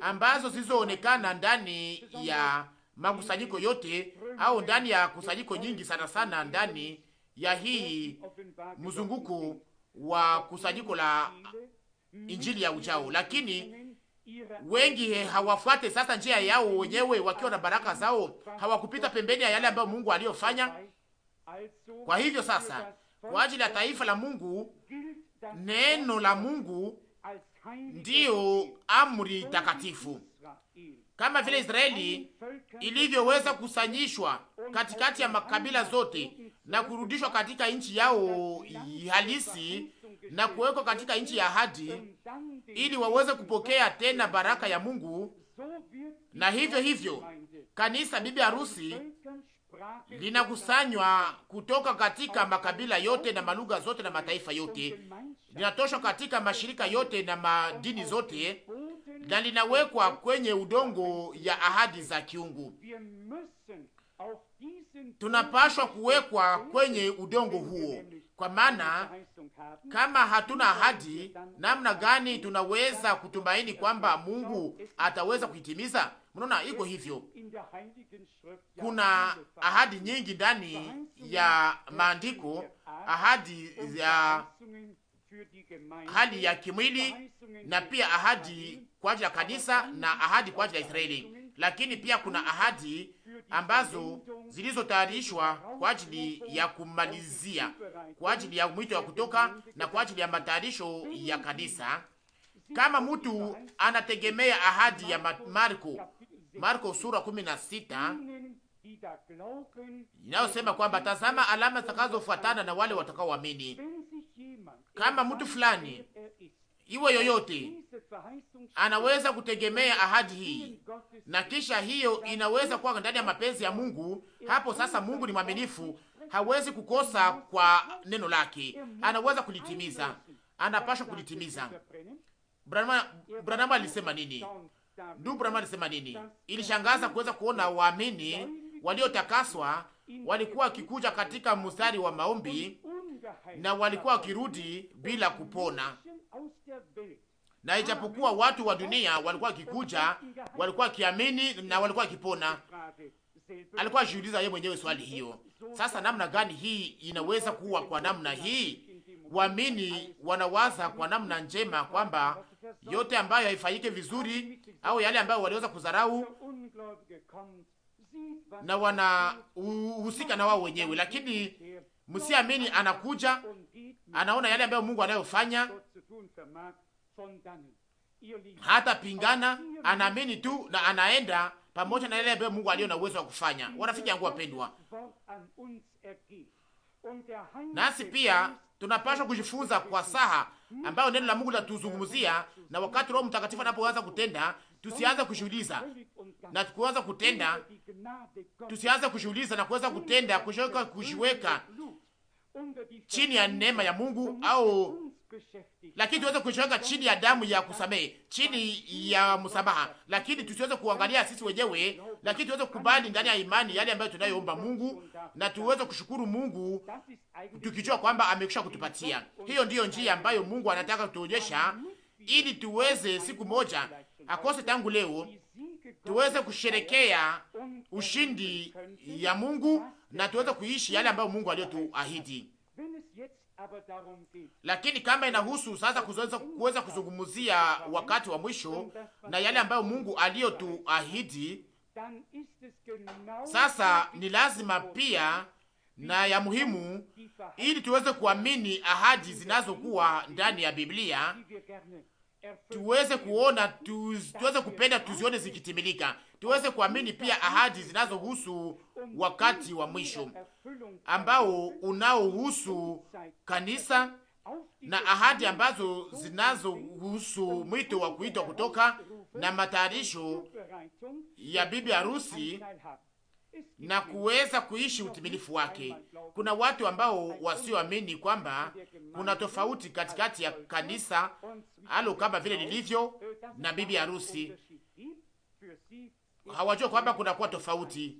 ambazo zilizoonekana ndani ya makusanyiko yote au ndani ya kusanyiko nyingi, sana sana ndani ya hii mzunguko wa kusanyiko la injili ya ujao, lakini wengi hawafuate sasa njia yao wenyewe, wakiwa na baraka zao, hawakupita pembeni ya yale ambayo Mungu aliyofanya. Kwa hivyo sasa, kwa ajili ya taifa la Mungu, neno la Mungu ndiyo amri takatifu, kama vile Israeli ilivyoweza kusanyishwa katikati ya makabila zote na kurudishwa katika nchi yao halisi na kuwekwa katika nchi ya ahadi, ili waweze kupokea tena baraka ya Mungu. Na hivyo hivyo kanisa bibi harusi linakusanywa kutoka katika makabila yote na malugha zote na mataifa yote, linatoshwa katika mashirika yote na madini zote, na linawekwa kwenye udongo ya ahadi za kiungu tunapashwa kuwekwa kwenye udongo huo, kwa maana kama hatuna ahadi, namna gani tunaweza kutumaini kwamba Mungu ataweza kuitimiza? Mnaona iko hivyo. Kuna ahadi nyingi ndani ya maandiko, ahadi ya hali ya kimwili na pia ahadi kwa ajili ya kanisa na ahadi kwa ajili ya Israeli, lakini pia kuna ahadi ambazo zilizotayarishwa kwa ajili ya kumalizia, kwa ajili ya mwito ya kutoka na kwa ajili ya matayarisho ya kanisa. Kama mtu anategemea ahadi ya Marko, Marko sura 16 inayosema kwamba tazama, alama zitakazofuatana na wale watakaoamini. Kama mtu fulani iwe yoyote anaweza kutegemea ahadi hii, na kisha hiyo inaweza kuwa ndani ya mapenzi ya Mungu. Hapo sasa, Mungu ni mwaminifu, hawezi kukosa kwa neno lake, anaweza kulitimiza, anapashwa kulitimiza. Branham alisema nini? Ndugu Branham alisema nini? Ilishangaza kuweza kuona waamini waliotakaswa walikuwa wakikuja katika mstari wa maombi na walikuwa wakirudi bila kupona, na ijapokuwa watu wa dunia walikuwa wakikuja, walikuwa wakiamini na walikuwa wakipona. Alikuwa akiuliza yeye mwenyewe swali hiyo. Sasa namna gani hii inaweza kuwa kwa namna hii? Waamini wanawaza kwa namna njema kwamba yote ambayo haifanyike vizuri au yale ambayo waliweza kudharau na wanahusika na wao wenyewe, lakini Msiamini anakuja anaona yale ambayo Mungu anayofanya, hata pingana, anaamini tu na anaenda pamoja na yale ambayo Mungu aliyo na uwezo wa kufanya. Warafiki yangu wapendwa, nasi pia tunapaswa kujifunza kwa saha ambayo neno la Mungu linatuzungumzia, na wakati Roho Mtakatifu anapoanza kutenda, tusianze kushughuliza na kuanza kutenda, tusianze kushughuliza na kuweza kutenda, kushoka kujiweka chini ya neema ya Mungu au lakini tuweze kuishaweka chini ya damu ya kusamehe, chini ya msamaha, lakini tusiweze kuangalia sisi wenyewe, lakini tuweze kukubali ndani ya imani yale ambayo tunayoomba Mungu, na tuweze kushukuru Mungu tukijua kwamba amekwisha kutupatia. Hiyo ndiyo njia ambayo Mungu anataka kutuonyesha, ili tuweze siku moja, akose tangu leo, tuweze kusherekea ushindi ya Mungu na tuweze kuishi yale ambayo Mungu aliyotuahidi. Lakini kama inahusu sasa kuweza kuzungumzia wakati wa mwisho na yale ambayo Mungu aliyotuahidi sasa, ni lazima pia na ya muhimu, ili tuweze kuamini ahadi zinazokuwa ndani ya Biblia tuweze kuona tuweze kupenda tuzione zikitimilika, tuweze kuamini pia ahadi zinazohusu wakati wa mwisho ambao unaohusu kanisa na ahadi ambazo zinazohusu mwito wa kuitwa kutoka na matayarisho ya bibi harusi na kuweza kuishi utimilifu wake. Kuna watu ambao wasioamini kwamba kuna tofauti katikati ya kanisa alo kama vile lilivyo na bibi harusi. Hawajua kwamba kunakuwa tofauti,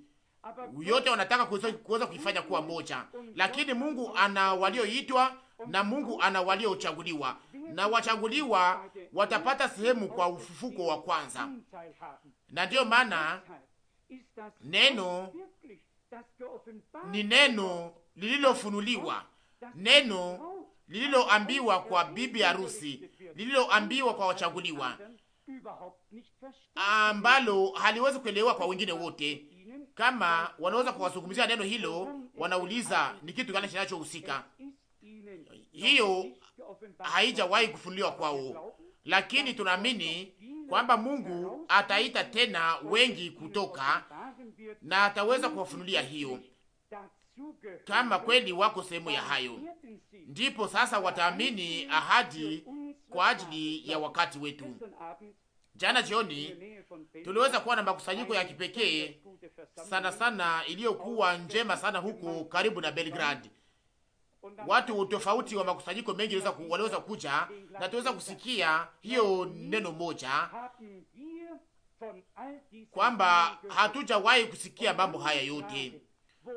yote wanataka kuweza kuifanya kuwa moja, lakini Mungu ana walioitwa na Mungu ana waliochaguliwa, na wachaguliwa watapata sehemu kwa ufufuko wa kwanza, na ndiyo maana Neno ni neno lililofunuliwa, neno lililoambiwa kwa bibi harusi, lililoambiwa kwa wachaguliwa, ambalo haliwezi kuelewa kwa wengine wote. Kama wanaweza kuwazungumzia neno hilo, wanauliza ni kitu gani kinachohusika. Hiyo haijawahi kufunuliwa kwao, lakini tunaamini kwamba Mungu ataita tena wengi kutoka na ataweza kuwafunulia hiyo, kama kweli wako sehemu ya hayo, ndipo sasa wataamini ahadi kwa ajili ya wakati wetu. Jana jioni tuliweza kuwa na makusanyiko ya kipekee sana sana iliyokuwa njema sana huko karibu na Belgrade watu tofauti wa makusanyiko mengi waliweza kuja na tuweza kusikia hiyo neno moja kwamba hatujawahi kusikia mambo haya yote.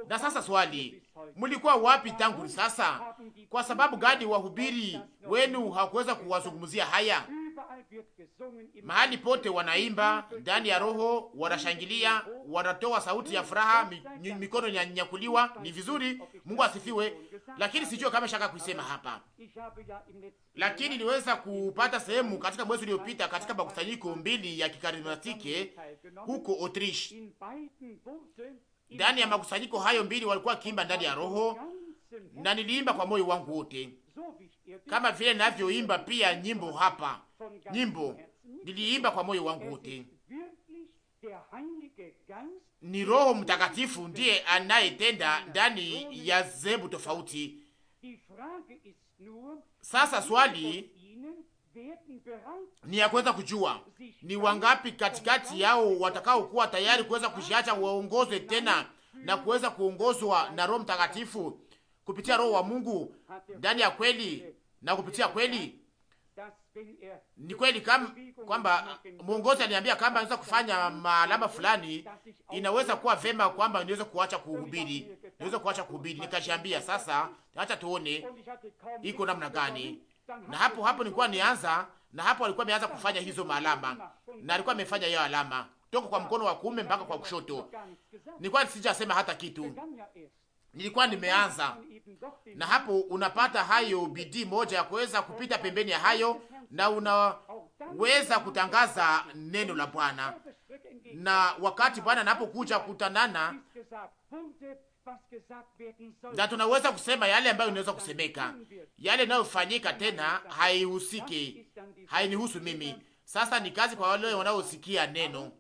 Na sasa swali, mlikuwa wapi tangu sasa? Kwa sababu gani wahubiri wenu hawakuweza kuwazungumzia haya? Mahali pote wanaimba ndani ya roho, wanashangilia, wanatoa sauti ya furaha, mikono inanyakuliwa. Ni vizuri, Mungu asifiwe lakini sijue kama shaka kuisema hapa, lakini niweza kupata sehemu katika mwezi uliopita katika makusanyiko mbili ya kikarismatike huko Autrish. Ndani ya makusanyiko hayo mbili walikuwa wakiimba ndani ya Roho, na niliimba kwa moyo wangu wote, kama vile ninavyoimba pia nyimbo hapa. Nyimbo niliimba kwa moyo wangu wote ni Roho Mtakatifu ndiye anayetenda ndani ya zebu tofauti. Sasa swali ni ya kuweza kujua ni wangapi katikati yao watakaokuwa tayari kuweza kujiacha waongozwe tena na kuweza kuongozwa na Roho Mtakatifu kupitia Roho wa Mungu ndani ya kweli na kupitia kweli ni kweli kam, kwamba mwongozi aliniambia kwamba naweza kufanya maalama fulani, inaweza kuwa vema kwamba niweze kuacha kuhubiri, niweze kuacha kuhubiri. Nikashambia sasa, acha tuone iko namna gani. Na hapo hapo nilikuwa nianza, na hapo alikuwa ameanza kufanya hizo maalama, na alikuwa amefanya hiyo alama toka kwa mkono wa kuume mpaka kwa kushoto. Nilikuwa sijasema hata kitu, nilikuwa nimeanza. Na hapo unapata hayo bidii moja ya kuweza kupita pembeni ya hayo na unaweza kutangaza neno la Bwana, na wakati Bwana anapokuja kutanana na tunaweza kusema yale ambayo inaweza kusemeka, yale inayofanyika tena haihusiki, hainihusu mimi. Sasa ni kazi kwa wale wanaosikia neno,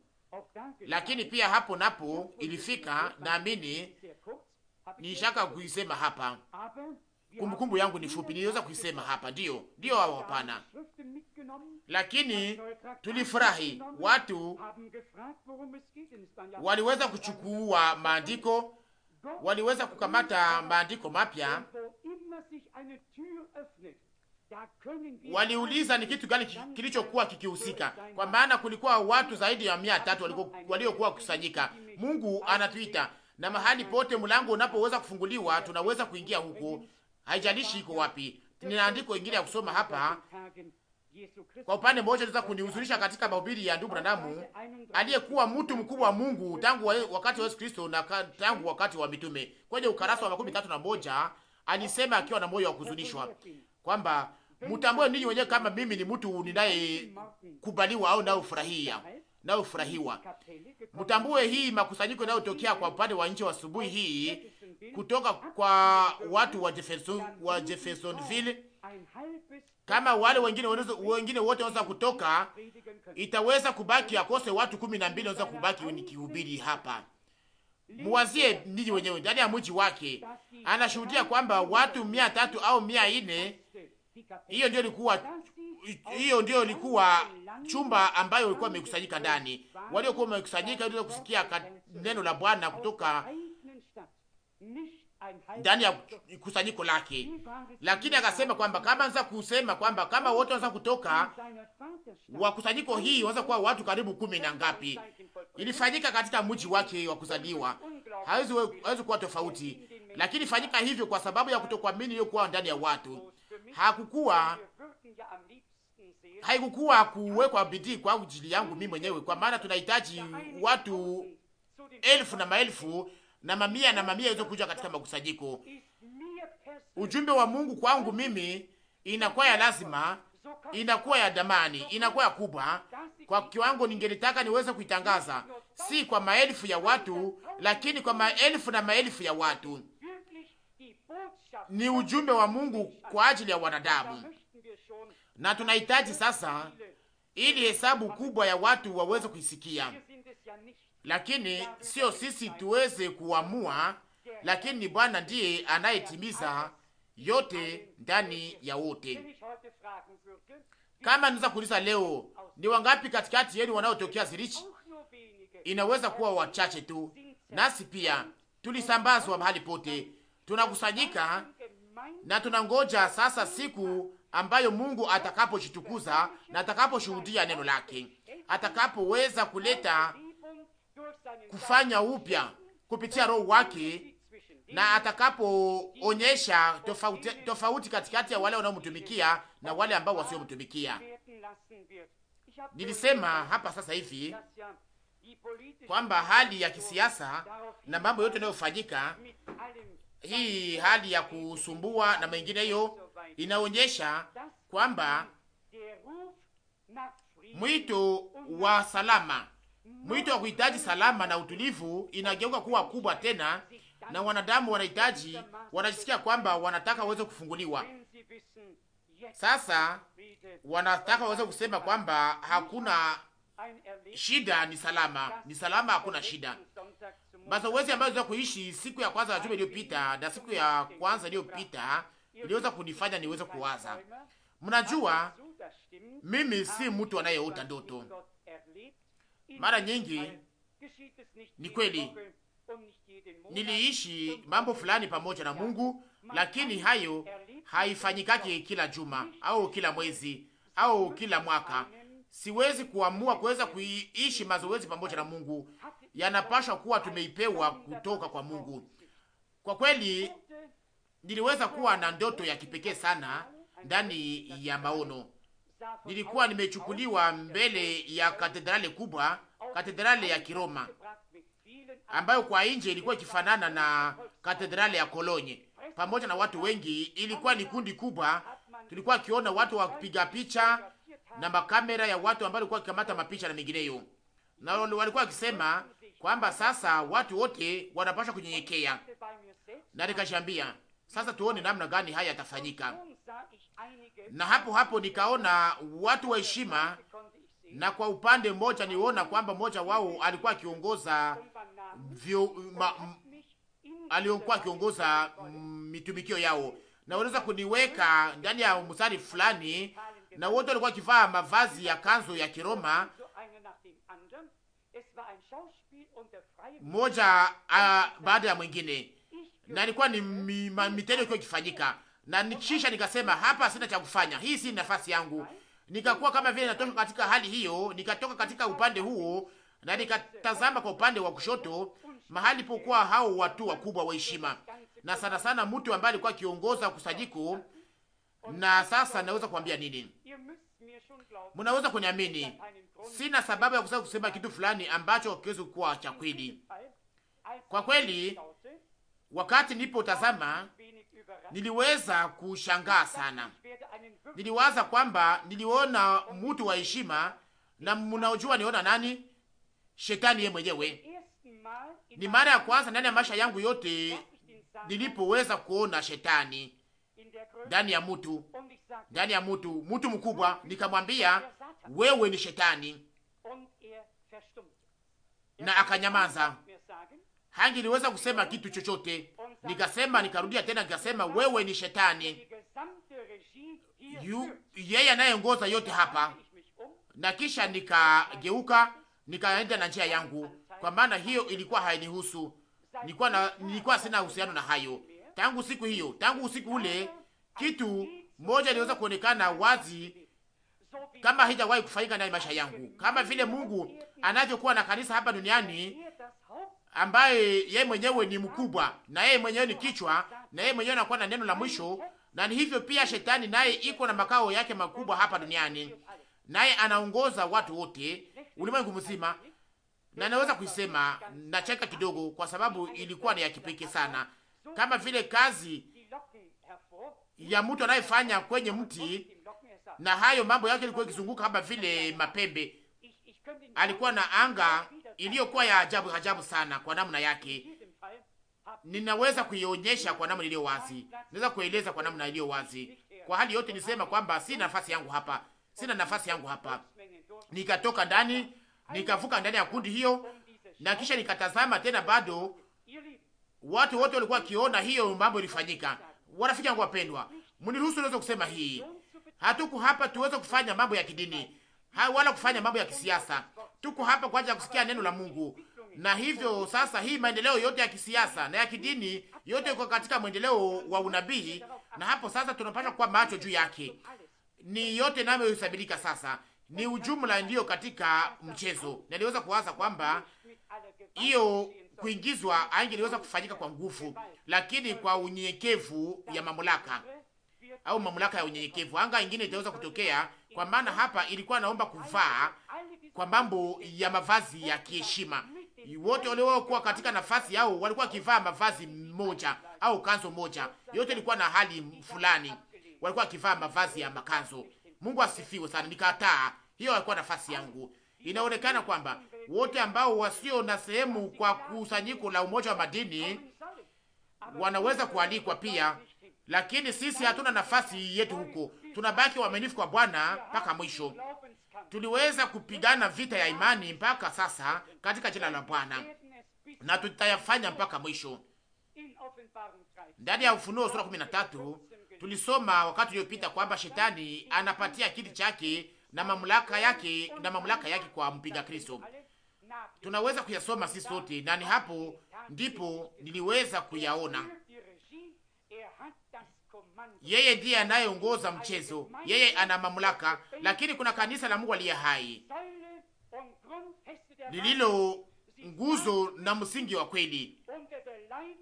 lakini pia hapo napo ilifika, naamini nishaka kuisema hapa kumbukumbu yangu ni fupi, niliweza kuisema hapa, ndio ndio au hapana? Lakini tulifurahi, watu waliweza kuchukua maandiko, waliweza kukamata maandiko mapya, waliuliza ni kitu gani kilichokuwa kikihusika, kwa maana kulikuwa watu zaidi ya mia tatu waliokuwa kusanyika. Mungu anatuita na mahali pote mlango unapoweza kufunguliwa tunaweza kuingia huko haijalishi iko wapi. Nina andiko ingine ya kusoma hapa kwa upande mmoja tunaweza kunihuzunisha katika mahubiri ya ndugu Brandamu aliyekuwa mtu mkubwa wa Mungu tangu wakati wa Yesu Kristo na tangu wakati wa mitume. Kwenye ukarasa wa makumi tatu na moja alisema akiwa na moyo wa kuzunishwa kwamba mtambue ninyi wenyewe kama mimi ni mtu ninayekubaliwa au nayofurahia nayofurahiwa. Mtambue hii makusanyiko yanayotokea kwa upande wa nje wa asubuhi hii kutoka kwa watu wa Jefferson, wa Jeffersonville kama wale wengine wengine wote wanaweza kutoka, itaweza kubaki akose watu kumi na mbili wanaweza kubaki nikihubiri hapa. Muwazie ninyi wenyewe, ndani ya mji wake anashuhudia kwamba watu mia tatu au mia nne. Hiyo ndio ilikuwa hiyo ndio ilikuwa chumba ambayo ilikuwa imekusanyika ndani, waliokuwa wamekusanyika ili kusikia neno la Bwana kutoka ndani ya kusanyiko lake, lakini akasema kwamba kama anza kusema kwamba kama wote wanza kutoka wa kusanyiko hii wanza kuwa watu karibu kumi na ngapi, ilifanyika katika mji wake wa kuzaliwa, hawezi hawezi kuwa tofauti, lakini fanyika hivyo kwa sababu ya kutokuamini iliyokuwa ndani ya watu. Hakukuwa haikukuwa kuwekwa bidii kwa ajili yangu mimi mwenyewe, kwa maana tunahitaji watu elfu na maelfu na mamia na mamia iweze kuja katika makusanyiko. Ujumbe wa Mungu kwangu mimi inakuwa ya lazima, inakuwa ya damani, inakuwa ya kubwa kwa kiwango ningelitaka niweze kuitangaza, si kwa maelfu ya watu, lakini kwa maelfu na maelfu ya watu. Ni ujumbe wa Mungu kwa ajili ya wanadamu, na tunahitaji sasa, ili hesabu kubwa ya watu waweze kuisikia lakini sio sisi tuweze kuamua, lakini Bwana ndiye anayetimiza yote ndani ya wote. Kama niweza kuuliza leo, ni wangapi katikati yenu wanaotokea Zirichi? Inaweza kuwa wachache tu, nasi pia tulisambazwa mahali pote, tunakusanyika na tunangoja sasa siku ambayo Mungu atakapochitukuza na atakaposhuhudia neno lake, atakapoweza kuleta kufanya upya kupitia roho wake, na atakapoonyesha tofauti, tofauti katikati ya wale wanaomtumikia na wale ambao wasiomtumikia. Nilisema hapa sasa hivi kwamba hali ya kisiasa na mambo yote yanayofanyika, hii hali ya kusumbua na mengine hiyo, inaonyesha kwamba mwito wa salama Mwito wa kuhitaji salama na utulivu inageuka kuwa kubwa tena, na wanadamu wanahitaji, wanajisikia kwamba wanataka waweze kufunguliwa. Sasa wanataka waweze kusema kwamba hakuna shida, ni salama, ni salama, hakuna shida. Mazoezi ambayo iliweza kuishi siku ya kwanza ya juma iliyopita na siku ya kwanza iliyopita iliweza kunifanya niweze kuwaza. Mnajua mimi si mtu anayeota ndoto, mara nyingi ni kweli um niliishi um mambo fulani pamoja na Mungu, lakini hayo haifanyikake kila juma au kila mwezi au kila mwaka. Siwezi kuamua kuweza kuishi mazoezi pamoja na Mungu, yanapasha kuwa tumeipewa kutoka kwa Mungu. Kwa kweli niliweza kuwa na ndoto ya kipekee sana ndani ya maono nilikuwa nimechukuliwa mbele ya katedrale kubwa, katedrale ya Kiroma ambayo kwa nje ilikuwa ikifanana na katedrale ya Kolonye pamoja na watu wengi. Ilikuwa ni kundi kubwa, tulikuwa akiona watu wakipiga picha na makamera ya watu ambao walikuwa wakikamata mapicha na mengineyo, na walikuwa wakisema kwamba sasa watu wote wanapaswa kunyenyekea, na nikashambia sasa tuone namna gani haya yatafanyika na hapo hapo nikaona watu wa heshima, na kwa upande mmoja niona kwamba mmoja wao alikuwa akiongoza aliokuwa akiongoza mitumikio yao, na waliweza kuniweka ndani ya mstari fulani, na wote walikuwa wakivaa mavazi ya kanzo ya Kiroma. Moja ah, baada ya mwingine, na ilikuwa ni mitendo ikiwa ikifanyika na nikisha nikasema hapa sina cha kufanya, hii si nafasi yangu. Nikakuwa kama vile natoka katika hali hiyo, nikatoka katika upande huo na nikatazama kwa upande wa kushoto, mahali pokuwa hao watu wakubwa wa heshima, na sana sana mtu ambaye alikuwa akiongoza kusajiku. Na sasa naweza kuambia nini? Mnaweza kuniamini, sina sababu ya kusema kusema kitu fulani ambacho hakiwezi kuwa cha kweli. Kwa kweli, wakati nilipotazama niliweza kushangaa sana. Niliwaza kwamba niliona mtu wa heshima, na mnaojua niona nani? Shetani yeye mwenyewe. Ni mara ya kwanza ndani ya maisha yangu yote nilipoweza kuona shetani ndani ya mtu, ndani ya mtu, mtu mkubwa. Nikamwambia, wewe ni shetani, na akanyamaza, hangi niweza kusema kitu chochote. Nikasema, nikarudia tena nikasema, wewe ni shetani, yeye anayeongoza yote hapa. Na kisha nikageuka nikaenda na njia yangu, kwa maana hiyo ilikuwa hainihusu. Nilikuwa na, nilikuwa sina uhusiano na hayo. Tangu siku hiyo, tangu usiku ule, kitu moja iliweza kuonekana wazi kama hijawahi kufanyika ndani maisha yangu, kama vile Mungu anavyokuwa na kanisa hapa duniani ambaye yeye mwenyewe ni mkubwa na yeye mwenyewe ni kichwa na yeye mwenyewe anakuwa na neno la mwisho, na ni hivyo pia shetani naye iko na makao yake makubwa hapa duniani, naye anaongoza watu wote ulimwengu mzima. Na naweza kuisema nacheka kidogo, kwa sababu ilikuwa ni ya kipekee sana, kama vile kazi ya mtu anayefanya kwenye mti, na hayo mambo yake ilikuwa ikizunguka kama vile mapembe, alikuwa na anga iliyokuwa ya ajabu ajabu sana kwa namna yake. Ninaweza kuionyesha kwa namna iliyo wazi, naweza kueleza kwa namna iliyo wazi. Kwa hali yote, nisema kwamba sina nafasi yangu hapa, sina nafasi yangu hapa. Nikatoka ndani, nikavuka ndani ya kundi hiyo, na kisha nikatazama tena, bado watu wote walikuwa wakiona hiyo mambo ilifanyika. Warafiki wangu wapendwa, mniruhusu niweze kusema hii, hatuku hapa tuweze kufanya mambo ya kidini hai wala kufanya mambo ya kisiasa. Tuko hapa kwa ajili ya kusikia neno la Mungu, na hivyo sasa hii maendeleo yote ya kisiasa na ya kidini yote iko katika mwendeleo wa unabii, na hapo sasa tunapaswa kuwa macho juu yake. Ni yote inayohesabika sasa ni ujumla, ndiyo katika mchezo. Naliweza kuwaza kwamba hiyo kuingizwa angeliweza kufanyika kwa nguvu, lakini kwa unyenyekevu ya mamlaka au mamlaka ya unyenyekevu, anga ingine itaweza kutokea kwa maana hapa ilikuwa naomba kuvaa kwa mambo ya mavazi ya kiheshima. Wote waliokuwa katika nafasi yao walikuwa wakivaa mavazi moja au kanzo moja, yote ilikuwa na hali fulani, walikuwa wakivaa mavazi ya makanzo. Mungu asifiwe sana. Nikataa hiyo, alikuwa nafasi yangu. Inaonekana kwamba wote ambao wasio na sehemu kwa kusanyiko la umoja wa madini wanaweza kualikwa pia, lakini sisi hatuna nafasi yetu huko tunabaki waaminifu kwa Bwana mpaka mwisho. Tuliweza kupigana vita ya imani mpaka sasa katika jina la Bwana, na tutayafanya mpaka mwisho. Ndani ya Ufunuo sura 13 tulisoma wakati uliopita kwamba shetani anapatia kiti chake na mamlaka yake na mamlaka yake kwa mpinga Kristo. Tunaweza kuyasoma sisi sote, na ni hapo ndipo niliweza kuyaona yeye ndiye anayeongoza mchezo, yeye ana mamlaka, lakini kuna kanisa la Mungu aliye hai lililo nguzo na msingi wa kweli,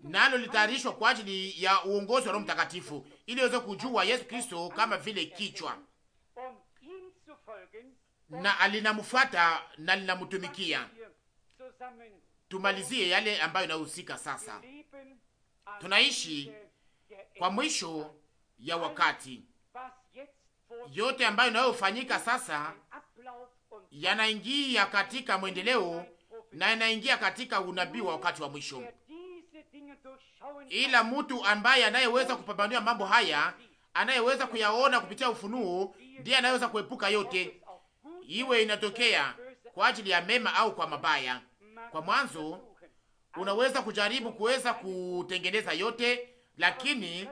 nalo litayarishwa kwa ajili ya uongozi wa Roho Mtakatifu ili iweze kujua Yesu Kristo kama vile kichwa, na alinamfuata na linamtumikia. Tumalizie yale ambayo inahusika sasa. Tunaishi kwa mwisho ya wakati. Yote ambayo inayofanyika sasa yanaingia katika mwendeleo na yanaingia katika unabii wa wakati wa mwisho. Ila mtu ambaye anayeweza kupambanua mambo haya, anayeweza kuyaona kupitia ufunuo, ndiye anayeweza kuepuka yote, iwe inatokea kwa ajili ya mema au kwa mabaya. Kwa mwanzo unaweza kujaribu kuweza kutengeneza yote, lakini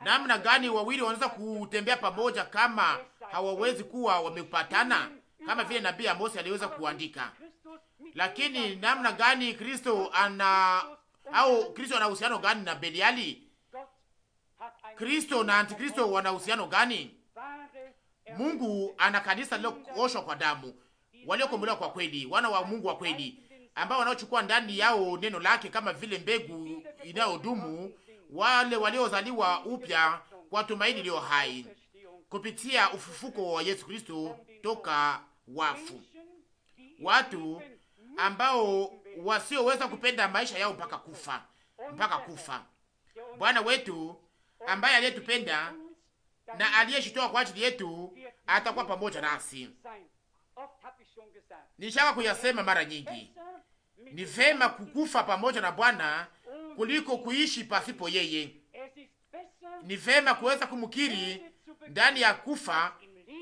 Namna gani wawili wanaweza kutembea pamoja kama hawawezi kuwa wamepatana, kama vile nabii Amosi aliweza kuandika. Lakini namna gani Kristo ana au Kristo ana uhusiano gani na Beliali? Kristo na Antikristo wana uhusiano gani? Mungu ana kanisa lilooshwa kwa damu, waliokombolewa kwa kweli, wana wa Mungu wa kweli, ambao wanaochukua ndani yao neno lake kama vile mbegu inayodumu wale waliozaliwa upya kwa tumaini iliyo hai kupitia ufufuko wa Yesu Kristo toka wafu, watu ambao wasioweza kupenda maisha yao mpaka kufa, mpaka kufa. Bwana wetu ambaye aliyetupenda na aliyeshitoa kwa ajili yetu atakuwa pamoja nasi. Nishaka kuyasema mara nyingi, ni vema kukufa pamoja na Bwana kuliko kuishi pasipo yeye. Ni vema kuweza kumkiri ndani ya kufa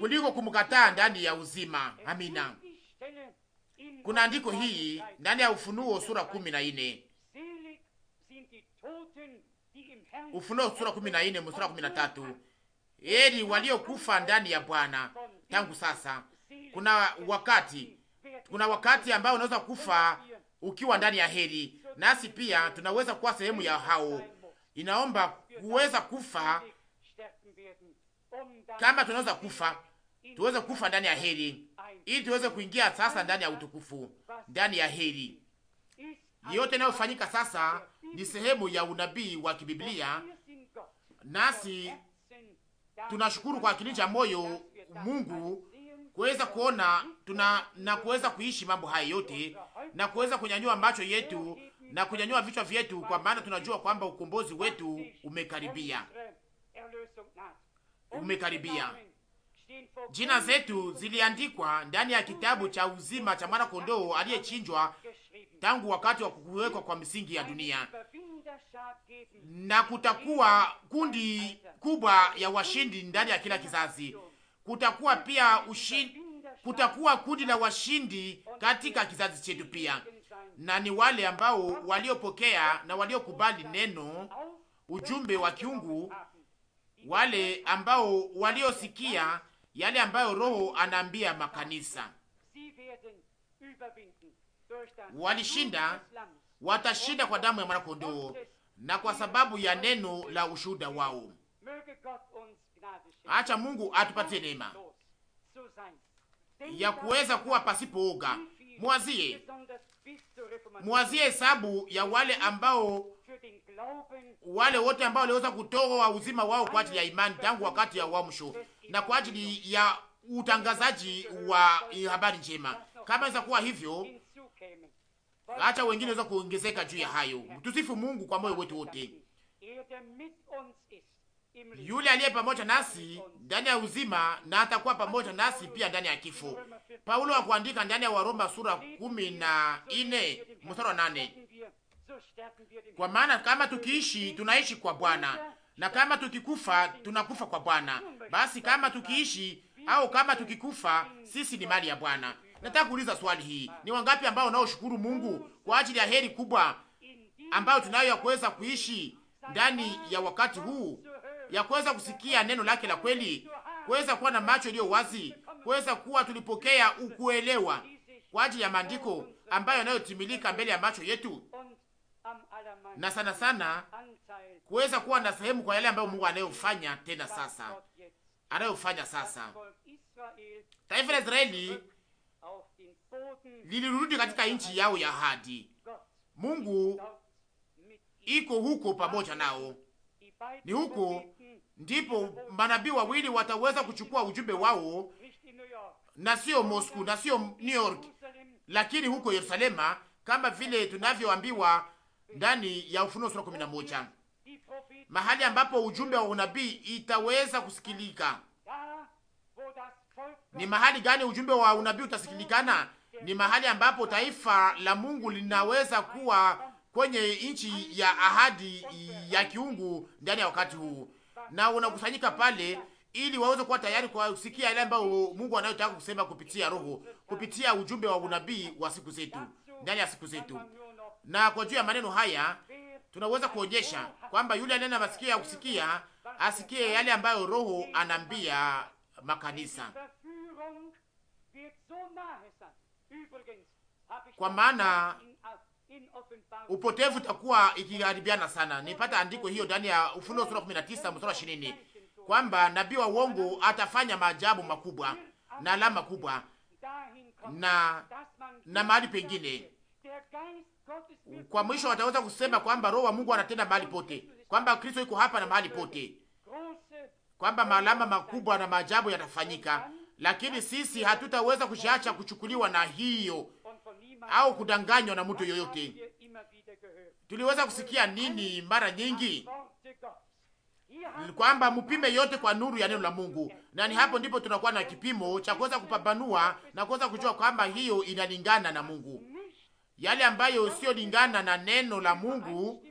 kuliko kumkataa ndani ya uzima. Amina. Kuna andiko hii ndani ya Ufunuo sura kumi na nne Ufunuo sura kumi na nne mstari kumi na tatu Heri waliokufa ndani ya Bwana tangu sasa. Kuna wakati, kuna wakati ambao unaweza kufa ukiwa ndani ya heri, nasi pia tunaweza kuwa sehemu ya hao. Inaomba kuweza kufa kama tunaweza kufa, tuweze kufa ndani ya heri, ili tuweze kuingia sasa ndani ya utukufu, ndani ya heri. Yote inayofanyika sasa ni sehemu ya unabii wa kibiblia, nasi tunashukuru kwa akili cha moyo Mungu kuweza kuona tuna na kuweza kuishi mambo haya yote na kuweza kunyanyua macho yetu na kunyanyua vichwa vyetu, kwa maana tunajua kwamba ukombozi wetu umekaribia, umekaribia. Jina zetu ziliandikwa ndani ya kitabu cha uzima cha mwana kondoo aliyechinjwa tangu wakati wa kuwekwa kwa misingi ya dunia, na kutakuwa kundi kubwa ya washindi ndani ya kila kizazi. Kutakuwa pia ushindi, kutakuwa kundi la washindi katika kizazi chetu pia na ni wale ambao waliopokea na waliokubali neno, ujumbe wa kiungu, wale ambao waliosikia yale ambayo Roho anaambia makanisa. Walishinda, watashinda kwa damu ya mwanakondoo na kwa sababu ya neno la ushuhuda wao. Acha Mungu atupatie neema ya kuweza kuwa pasipooga mwazie mwazie hesabu ya wale ambao wale wote ambao waliweza kutoa uzima wao kwa ajili ya imani tangu wakati ya uamsho na kwa ajili ya utangazaji wa habari njema. Kama inaweza kuwa hivyo, acha wengine waweza kuongezeka juu ya hayo. Mtusifu Mungu kwa moyo wetu wote. Yule aliye pamoja nasi ndani ya uzima na atakuwa pamoja nasi pia ndani ya kifo. Paulo akuandika ndani ya Waroma sura kumi na ine mstari wa nane kwa maana kama tukiishi tunaishi kwa Bwana, na kama tukikufa tunakufa kwa Bwana. Basi kama tukiishi au kama tukikufa, sisi ni mali ya Bwana. Nataka kuuliza swali hii, ni wangapi ambao wanaoshukuru Mungu kwa ajili ya heri kubwa ambayo tunayo ya kuweza kuishi ndani ya wakati huu, ya kuweza kusikia neno lake la kweli, kuweza kuwa na macho iliyo wazi, kuweza kuwa tulipokea ukuelewa kwa ajili ya maandiko ambayo yanayotimilika mbele ya macho yetu, na sana sana kuweza kuwa na sehemu kwa yale ambayo Mungu anayofanya tena sasa, anayofanya sasa. Taifa la Israeli lilirudi katika nchi yao ya ahadi. Mungu iko huko pamoja nao, ni huko ndipo manabii wawili wataweza kuchukua ujumbe wao na sio Moscow na sio New York, lakini huko Yerusalema, kama vile tunavyoambiwa ndani ya Ufunuo sura moja mahali ambapo ujumbe wa unabii itaweza kusikilika. Ni mahali gani ujumbe wa unabii utasikilikana? Ni mahali ambapo taifa la Mungu linaweza kuwa kwenye nchi ya ahadi ya kiungu ndani ya wakati huu, na unakusanyika pale ili waweze kuwa tayari kwa kusikia yale ambayo Mungu anayotaka kusema kupitia Roho, kupitia ujumbe wa unabii wa siku zetu, ndani ya siku zetu. Na kwa juu ya maneno haya tunaweza kuonyesha kwamba yule anena na masikio ya kusikia asikie yale ambayo Roho anaambia makanisa, kwa maana upotevu utakuwa ikiharibiana sana. Nipata andiko hiyo ndani ya Ufunuo sura 19 mstari wa 20 kwamba nabii wa uongo atafanya maajabu makubwa na alama kubwa na na mahali pengine. Kwa mwisho wataweza kusema kwamba roho wa Mungu anatenda mahali pote, kwamba Kristo yuko hapa na mahali pote, kwamba maalama makubwa na maajabu yatafanyika lakini sisi hatutaweza kujiacha kuchukuliwa na hiyo au kudanganywa na mtu yoyote. Tuliweza kusikia nini mara nyingi? kwamba mupime yote kwa nuru ya neno la Mungu, na ni hapo ndipo tunakuwa na kipimo cha kuweza kupambanua na kuweza kujua kwamba hiyo inalingana na Mungu. Yale ambayo siyolingana na neno la Mungu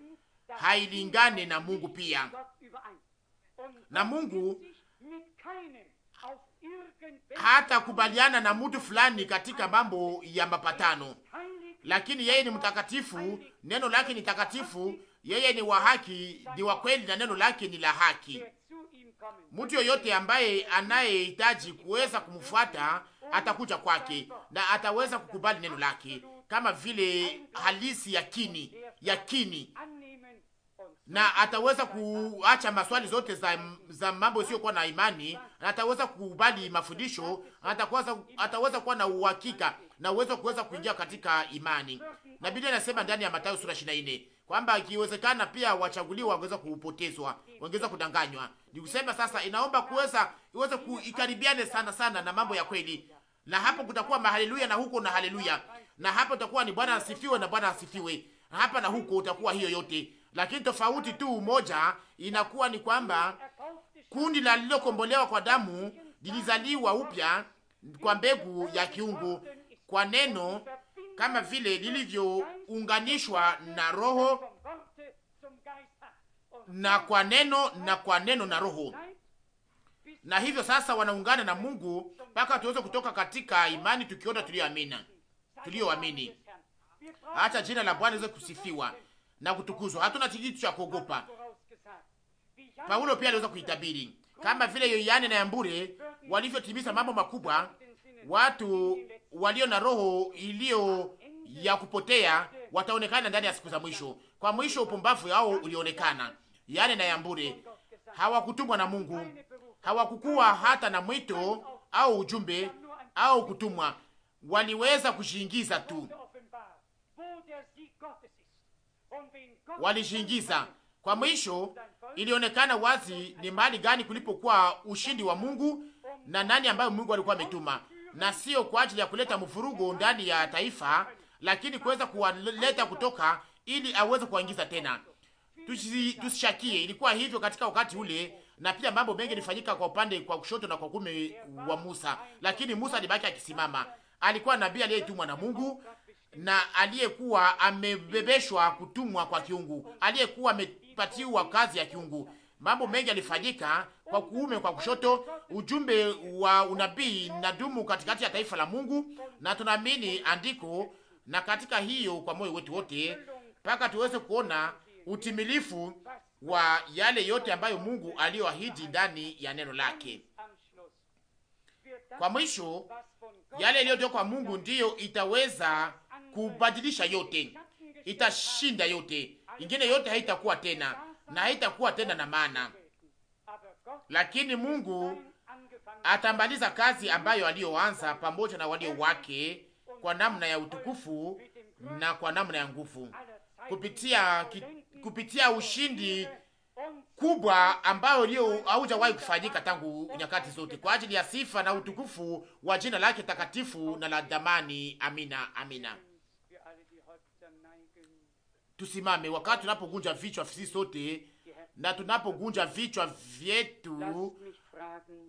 hailingane na Mungu pia, na Mungu hata kubaliana na mtu fulani katika mambo ya mapatano, lakini yeye ni mtakatifu, neno lake ni takatifu, yeye ni wa haki, ni wa kweli na neno lake ni la haki. Mtu yoyote ambaye anayehitaji kuweza kumfuata atakuja kwake na ataweza kukubali neno lake kama vile halisi yakini, yakini, na ataweza kuacha maswali zote za, za mambo isiyokuwa na imani, na ataweza kukubali mafundisho, ataweza, ataweza kuwa na uhakika na uwezo kuweza kuingia katika imani. Na Biblia inasema ndani ya Mathayo sura 24 kwamba ikiwezekana pia wachaguliwa wangeweza kupotezwa, wangeweza kudanganywa. Ni kusema sasa inaomba kuweza iweze kuikaribiane sana sana na mambo ya kweli, na hapo kutakuwa mahaleluya na huko na haleluya, na hapo utakuwa ni Bwana asifiwe na Bwana asifiwe, hapa na huko utakuwa hiyo yote, lakini tofauti tu moja inakuwa ni kwamba kundi la lililokombolewa kwa damu lilizaliwa upya kwa mbegu ya kiungu, kwa neno kama vile lilivyounganishwa na roho na kwa neno na kwa neno na roho, na hivyo sasa wanaungana na Mungu mpaka tuweze kutoka katika imani tukiona tuliyoamini, tuliyoamini. Acha jina la Bwana liweze kusifiwa na kutukuzwa. Hatuna kitu cha kuogopa. Paulo pia aliweza kuitabiri kama vile Yohane na Yambure walivyotimiza mambo makubwa, watu walio na roho iliyo ya kupotea wataonekana ndani ya siku za mwisho. Kwa mwisho upumbavu yao ulionekana, yani na yambure Hawakutumwa na Mungu, hawakukuwa hata na mwito au ujumbe au kutumwa, waliweza kujiingiza tu, walijiingiza. Kwa mwisho ilionekana wazi ni mahali gani kulipokuwa ushindi wa Mungu na nani ambayo Mungu alikuwa ametuma na sio kwa ajili ya kuleta mvurugo ndani ya taifa, lakini kuweza kuwaleta kutoka ili aweze kuwaingiza tena. Tusishakie ilikuwa hivyo katika wakati ule, na pia mambo mengi yalifanyika kwa upande kwa kushoto na kwa kume wa Musa, lakini Musa alibaki akisimama. Alikuwa nabii aliyetumwa na Mungu na aliyekuwa amebebeshwa kutumwa kwa kiungu, aliyekuwa amepatiwa kazi ya kiungu. Mambo mengi alifanyika kwa kuume, kwa kushoto. Ujumbe wa unabii nadumu katikati ya taifa la Mungu, na tunaamini andiko na katika hiyo kwa moyo wetu wote, mpaka tuweze kuona utimilifu wa yale yote ambayo Mungu aliyoahidi ndani ya neno lake. Kwa mwisho, yale yaliyotoka kwa Mungu ndiyo itaweza kubadilisha yote, itashinda yote, ingine yote haitakuwa tena na haitakuwa tena na maana lakini Mungu atamaliza kazi ambayo aliyoanza pamoja na walio wake kwa namna ya utukufu na kwa namna ya nguvu kupitia, kupitia ushindi kubwa ambayo ndio haujawahi kufanyika tangu nyakati zote kwa ajili ya sifa na utukufu wa jina lake takatifu na la dhamani. Amina, amina. Tusimame wakati tunapokunja vichwa sisi sote na tunapogunja vichwa vyetu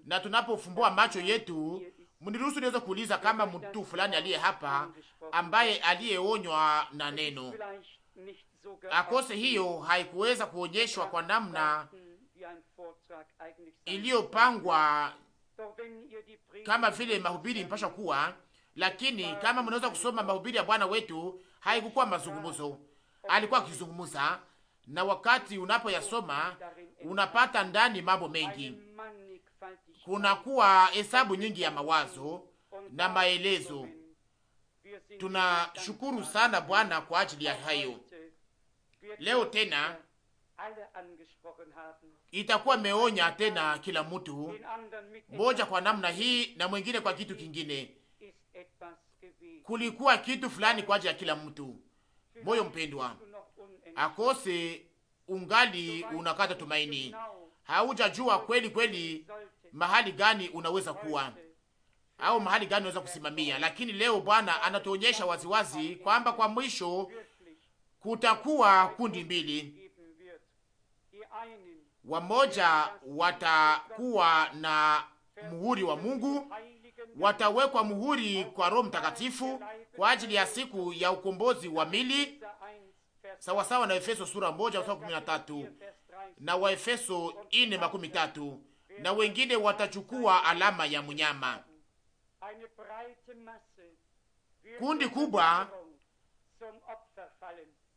na tunapofumbua macho yetu, mniruhusu niweze kuuliza kama mtu fulani aliye hapa ambaye aliyeonywa na neno akose, hiyo um haikuweza kuonyeshwa kwa namna iliyopangwa kama vile mahubiri mpasha kuwa, lakini kama mnaweza kusoma mahubiri ya Bwana wetu, haikukuwa mazungumzo, alikuwa akizungumza na wakati unapoyasoma unapata ndani mambo mengi. Kunakuwa hesabu nyingi ya mawazo na maelezo. Tunashukuru sana Bwana kwa ajili ya hayo. Leo tena itakuwa meonya tena kila mtu moja kwa namna hii na mwingine kwa kitu kingine. Kulikuwa kitu fulani kwa ajili ya kila mtu. Moyo mpendwa akose ungali unakata tumaini, haujajua kweli kweli mahali gani unaweza kuwa au mahali gani unaweza kusimamia. Lakini leo Bwana anatuonyesha waziwazi kwamba kwa mwisho kutakuwa kundi mbili, wamoja watakuwa na muhuri wa Mungu, watawekwa muhuri kwa Roho Mtakatifu kwa ajili ya siku ya ukombozi wa mili sawasawa na Efeso sura moja mstari kumi na tatu na Waefeso ine makumi tatu na wengine watachukua alama ya mnyama. Kundi kubwa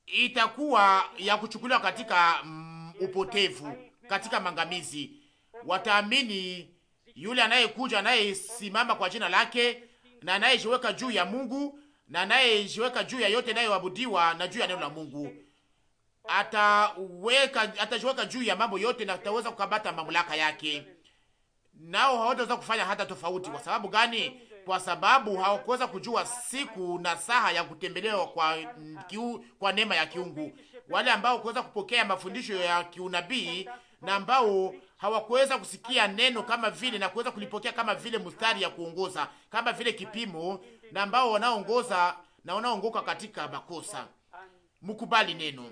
itakuwa ya kuchukuliwa katika mm, upotevu, katika mangamizi. Wataamini yule anayekuja anayesimama kwa jina lake na anayejiweka juu ya Mungu na anayejiweka juu ya yote inayoabudiwa na juu ya neno la Mungu ataweka atajiweka juu ya mambo yote na ataweza kukabata mamlaka yake, nao hawataweza kufanya hata tofauti. Kwa sababu gani? Kwa sababu hawakuweza kujua siku na saha ya kutembelewa kwa, kiu, kwa neema ya kiungu. Wale ambao kuweza kupokea mafundisho ya kiunabii na ambao hawakuweza kusikia neno kama vile na kuweza kulipokea kama vile mstari ya kuongoza, kama vile kipimo na ambao wanaongoza na wanaongoka katika makosa. Mukubali neno,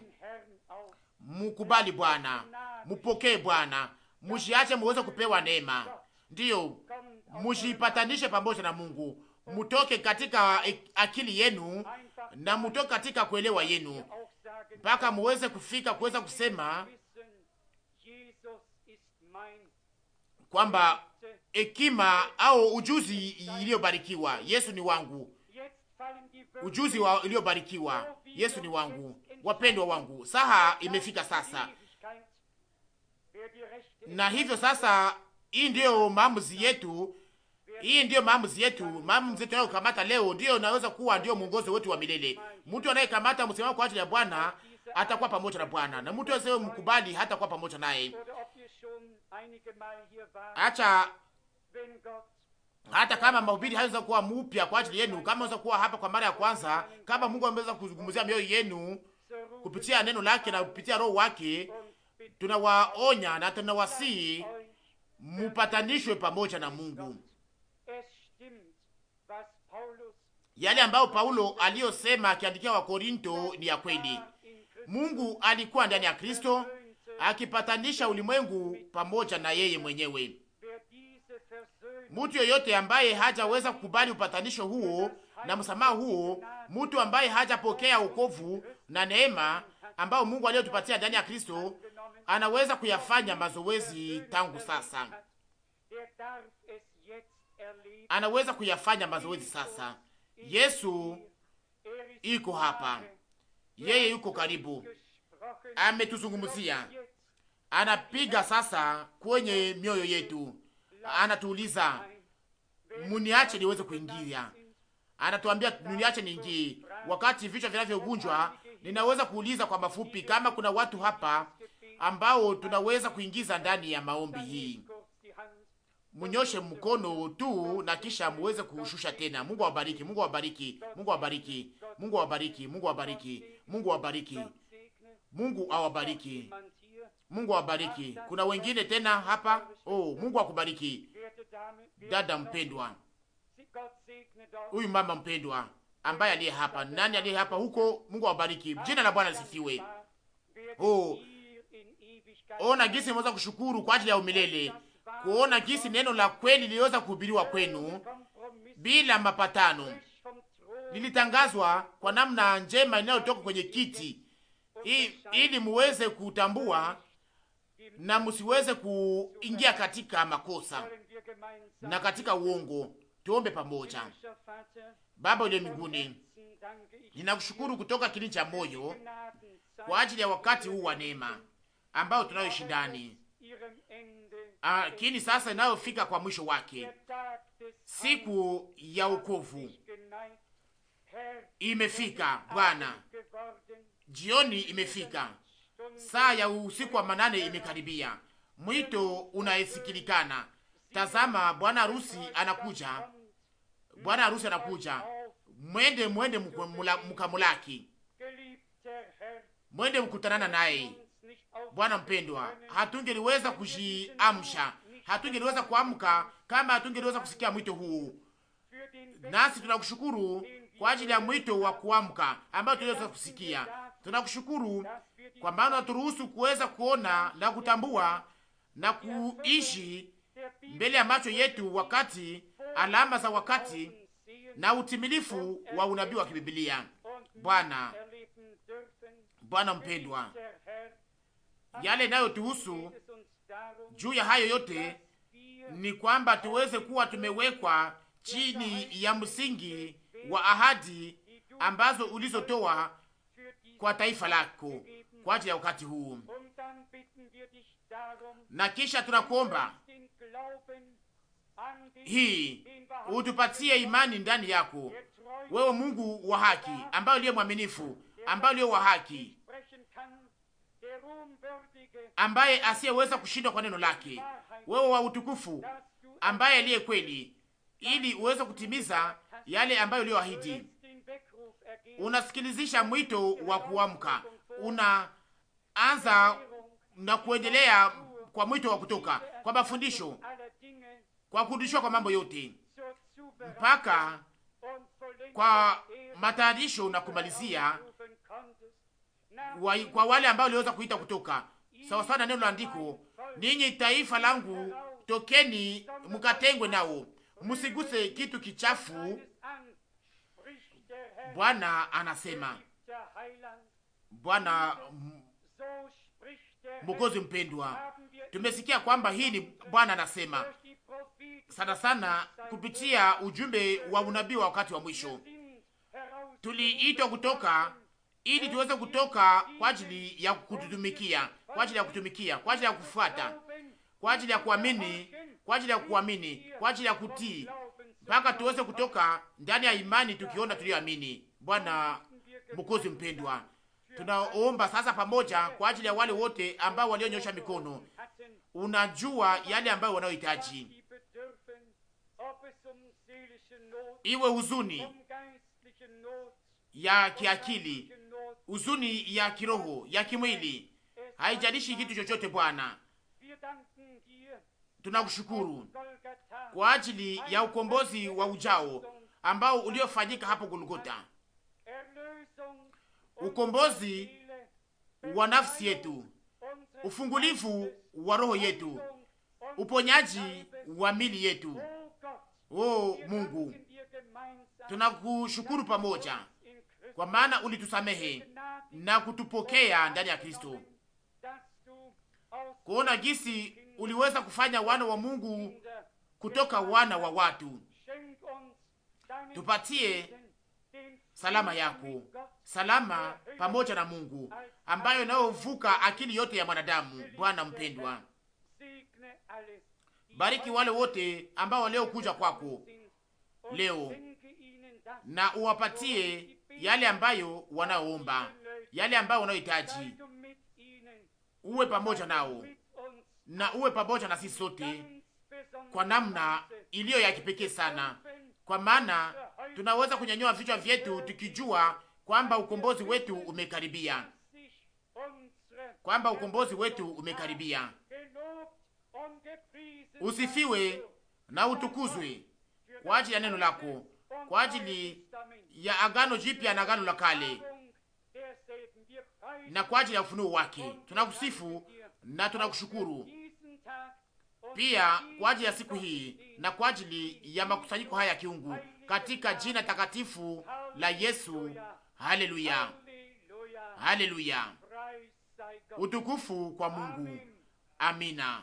mukubali Bwana, mupokee Bwana, mushiache muweze kupewa neema, ndiyo mushipatanishe pamoja na Mungu, mutoke katika akili yenu na mutoke katika kuelewa yenu, mpaka muweze kufika kuweza kusema kwamba hekima au ujuzi iliyobarikiwa. Yesu ni wangu, ujuzi wa iliyobarikiwa. Yesu ni wangu, wapendwa wangu. Saha imefika sasa, na hivyo sasa, hii ndiyo maamuzi yetu, hii ndiyo maamuzi yetu. Maamuzi yetu nayokamata leo ndiyo naweza kuwa ndiyo mwongozo wetu wa milele. Mtu anayekamata msimamo kwa ajili ya Bwana atakuwa pamoja na Bwana, na mtu asiyemkubali mkubali hatakuwa pamoja naye. Acha hata kama mahubiri hayaweza kuwa mupya kwa ajili yenu, kama aweza kuwa hapa kwa mara ya kwanza, kama Mungu ameweza kuzungumzia mioyo yenu kupitia neno lake na kupitia roho wake, tunawaonya na tunawasihi mupatanishwe pamoja na Mungu. Yale ambayo Paulo aliyosema akiandikia wa Korinto ni ya kweli. Mungu alikuwa ndani ya Kristo akipatanisha ulimwengu pamoja na yeye mwenyewe. Mtu yoyote ambaye hajaweza kukubali upatanisho huo na msamaha huo, mtu ambaye hajapokea wokovu na neema ambayo Mungu aliyotupatia ndani ya Kristo, anaweza kuyafanya mazoezi tangu sasa, anaweza kuyafanya mazoezi sasa. Yesu iko hapa, yeye yuko karibu, ametuzungumzia, anapiga sasa kwenye mioyo yetu anatuuliza muniache niweze kuingia, anatuambia muniache niingie. Wakati vichwa vinavyovunjwa ninaweza kuuliza kwa mafupi kama kuna watu hapa ambao tunaweza kuingiza ndani ya maombi hii. Mnyoshe mkono tu na kisha muweze kushusha tena. Mungu awabariki, Mungu awabariki, Mungu awabariki, Mungu awabariki, Mungu awabariki, Mungu awabariki, Mungu awabariki. Mungu awabariki. Kuna wengine tena hapa? Oh, Mungu akubariki dada mpendwa, huyu mama mpendwa ambaye aliye hapa. Nani aliye hapa huko? Mungu awabariki. Jina la Bwana lisifiwe. Oh, ona gisi imeweza kushukuru kwa ajili ya umilele, kuona gisi neno la kweli liliweza kuhubiriwa kwenu bila mapatano, lilitangazwa kwa namna njema inayotoka kwenye kiti ili muweze kutambua na msiweze kuingia katika makosa na katika uongo. Tuombe pamoja. Baba uliye mbinguni, ninakushukuru kutoka kilindi cha moyo kwa ajili ya wakati huu wa neema ambao tunayo shindani, lakini sasa inayofika kwa mwisho wake, siku ya ukovu imefika. Bwana, jioni imefika saa ya usiku wa manane imekaribia, mwito unaesikilikana. Tazama, bwana harusi anakuja, bwana harusi anakuja. Mwende, mwende mkamulaki, mwende mkutanana naye. Bwana mpendwa, hatungeliweza kujiamsha, hatungeliweza kuamka kama hatungeliweza kusikia mwito huu. Nasi tunakushukuru kwa ajili ya mwito wa kuamka ambayo tuliweza kusikia. Tunakushukuru kwa maana anaturuhusu kuweza kuona na kutambua na kuishi mbele ya macho yetu wakati alama za wakati na utimilifu wa unabii wa kibibilia. Bwana, Bwana mpendwa, yale inayotuhusu juu ya hayo yote ni kwamba tuweze kuwa tumewekwa chini ya msingi wa ahadi ambazo ulizotoa kwa taifa lako kwa ajili ya wakati huu, na kisha tunakuomba hii utupatie imani ndani yako wewe, Mungu wa haki, ambayo uliye mwaminifu, ambayo uliye wa haki, ambaye asiyeweza kushindwa kwa neno lake, wewe wa utukufu, ambaye aliye kweli, ili uweze kutimiza yale ambayo uliyoahidi. Unasikilizisha mwito wa kuamka unaanza na kuendelea kwa mwito wa kutoka kwa mafundisho, kwa kurudishwa kwa mambo yote mpaka kwa matayarisho na kumalizia kwa wale ambao waliweza kuita kutoka sawa sawa na neno la andiko, ninyi taifa langu, tokeni mkatengwe nao, msiguse kitu kichafu. Bwana anasema Bwana Mwokozi mpendwa, tumesikia kwamba hii ni Bwana anasema sana sana kupitia ujumbe wa unabii wa wakati wa mwisho. Tuliitwa kutoka ili tuweze kutoka kwa ajili ya kututumikia, kwa ajili ya kutumikia, kwa ajili ya kufuata, kwa ajili ya kuamini, kwa ajili ya kuamini, kwa ajili ya kutii, mpaka tuweze kutoka ndani ya imani, tukiona tuliyoamini. Bwana Mwokozi mpendwa, Tunaomba sasa pamoja kwa ajili ya wale wote ambao walionyosha mikono. Unajua yale ambayo wanayohitaji, iwe huzuni ya kiakili, huzuni ya kiroho, ya kimwili, haijalishi kitu chochote. Bwana, tunakushukuru kwa ajili ya ukombozi wa ujao ambao uliofanyika hapo Golgotha ukombozi wa nafsi yetu, ufungulivu wa roho yetu, uponyaji wa mili yetu. Oh Mungu, tunakushukuru pamoja, kwa maana ulitusamehe na kutupokea ndani ya Kristo, kuona gisi uliweza kufanya wana wa Mungu kutoka wana wa watu. Tupatie salama yako salama pamoja na Mungu ambayo inayovuka akili yote ya mwanadamu. Bwana mpendwa, bariki wale wote ambao waliokuja kwako leo na uwapatie yale ambayo wanaoomba, yale ambayo wanaohitaji. Uwe pamoja nao na uwe pamoja na sisi sote kwa namna iliyo ya kipekee sana, kwa maana tunaweza kunyanyua vichwa vyetu tukijua kwamba ukombozi wetu umekaribia, kwamba ukombozi wetu umekaribia. Usifiwe na utukuzwe kwa ajili ya neno lako, kwa ajili ya agano jipya na agano la kale na kwa ajili ya ufunuo wake. Tunakusifu na tunakushukuru pia kwa ajili ya siku hii na kwa ajili ya makusanyiko haya ya kiungu katika jina takatifu la Yesu Haleluya, haleluya, utukufu kwa Mungu. Amina.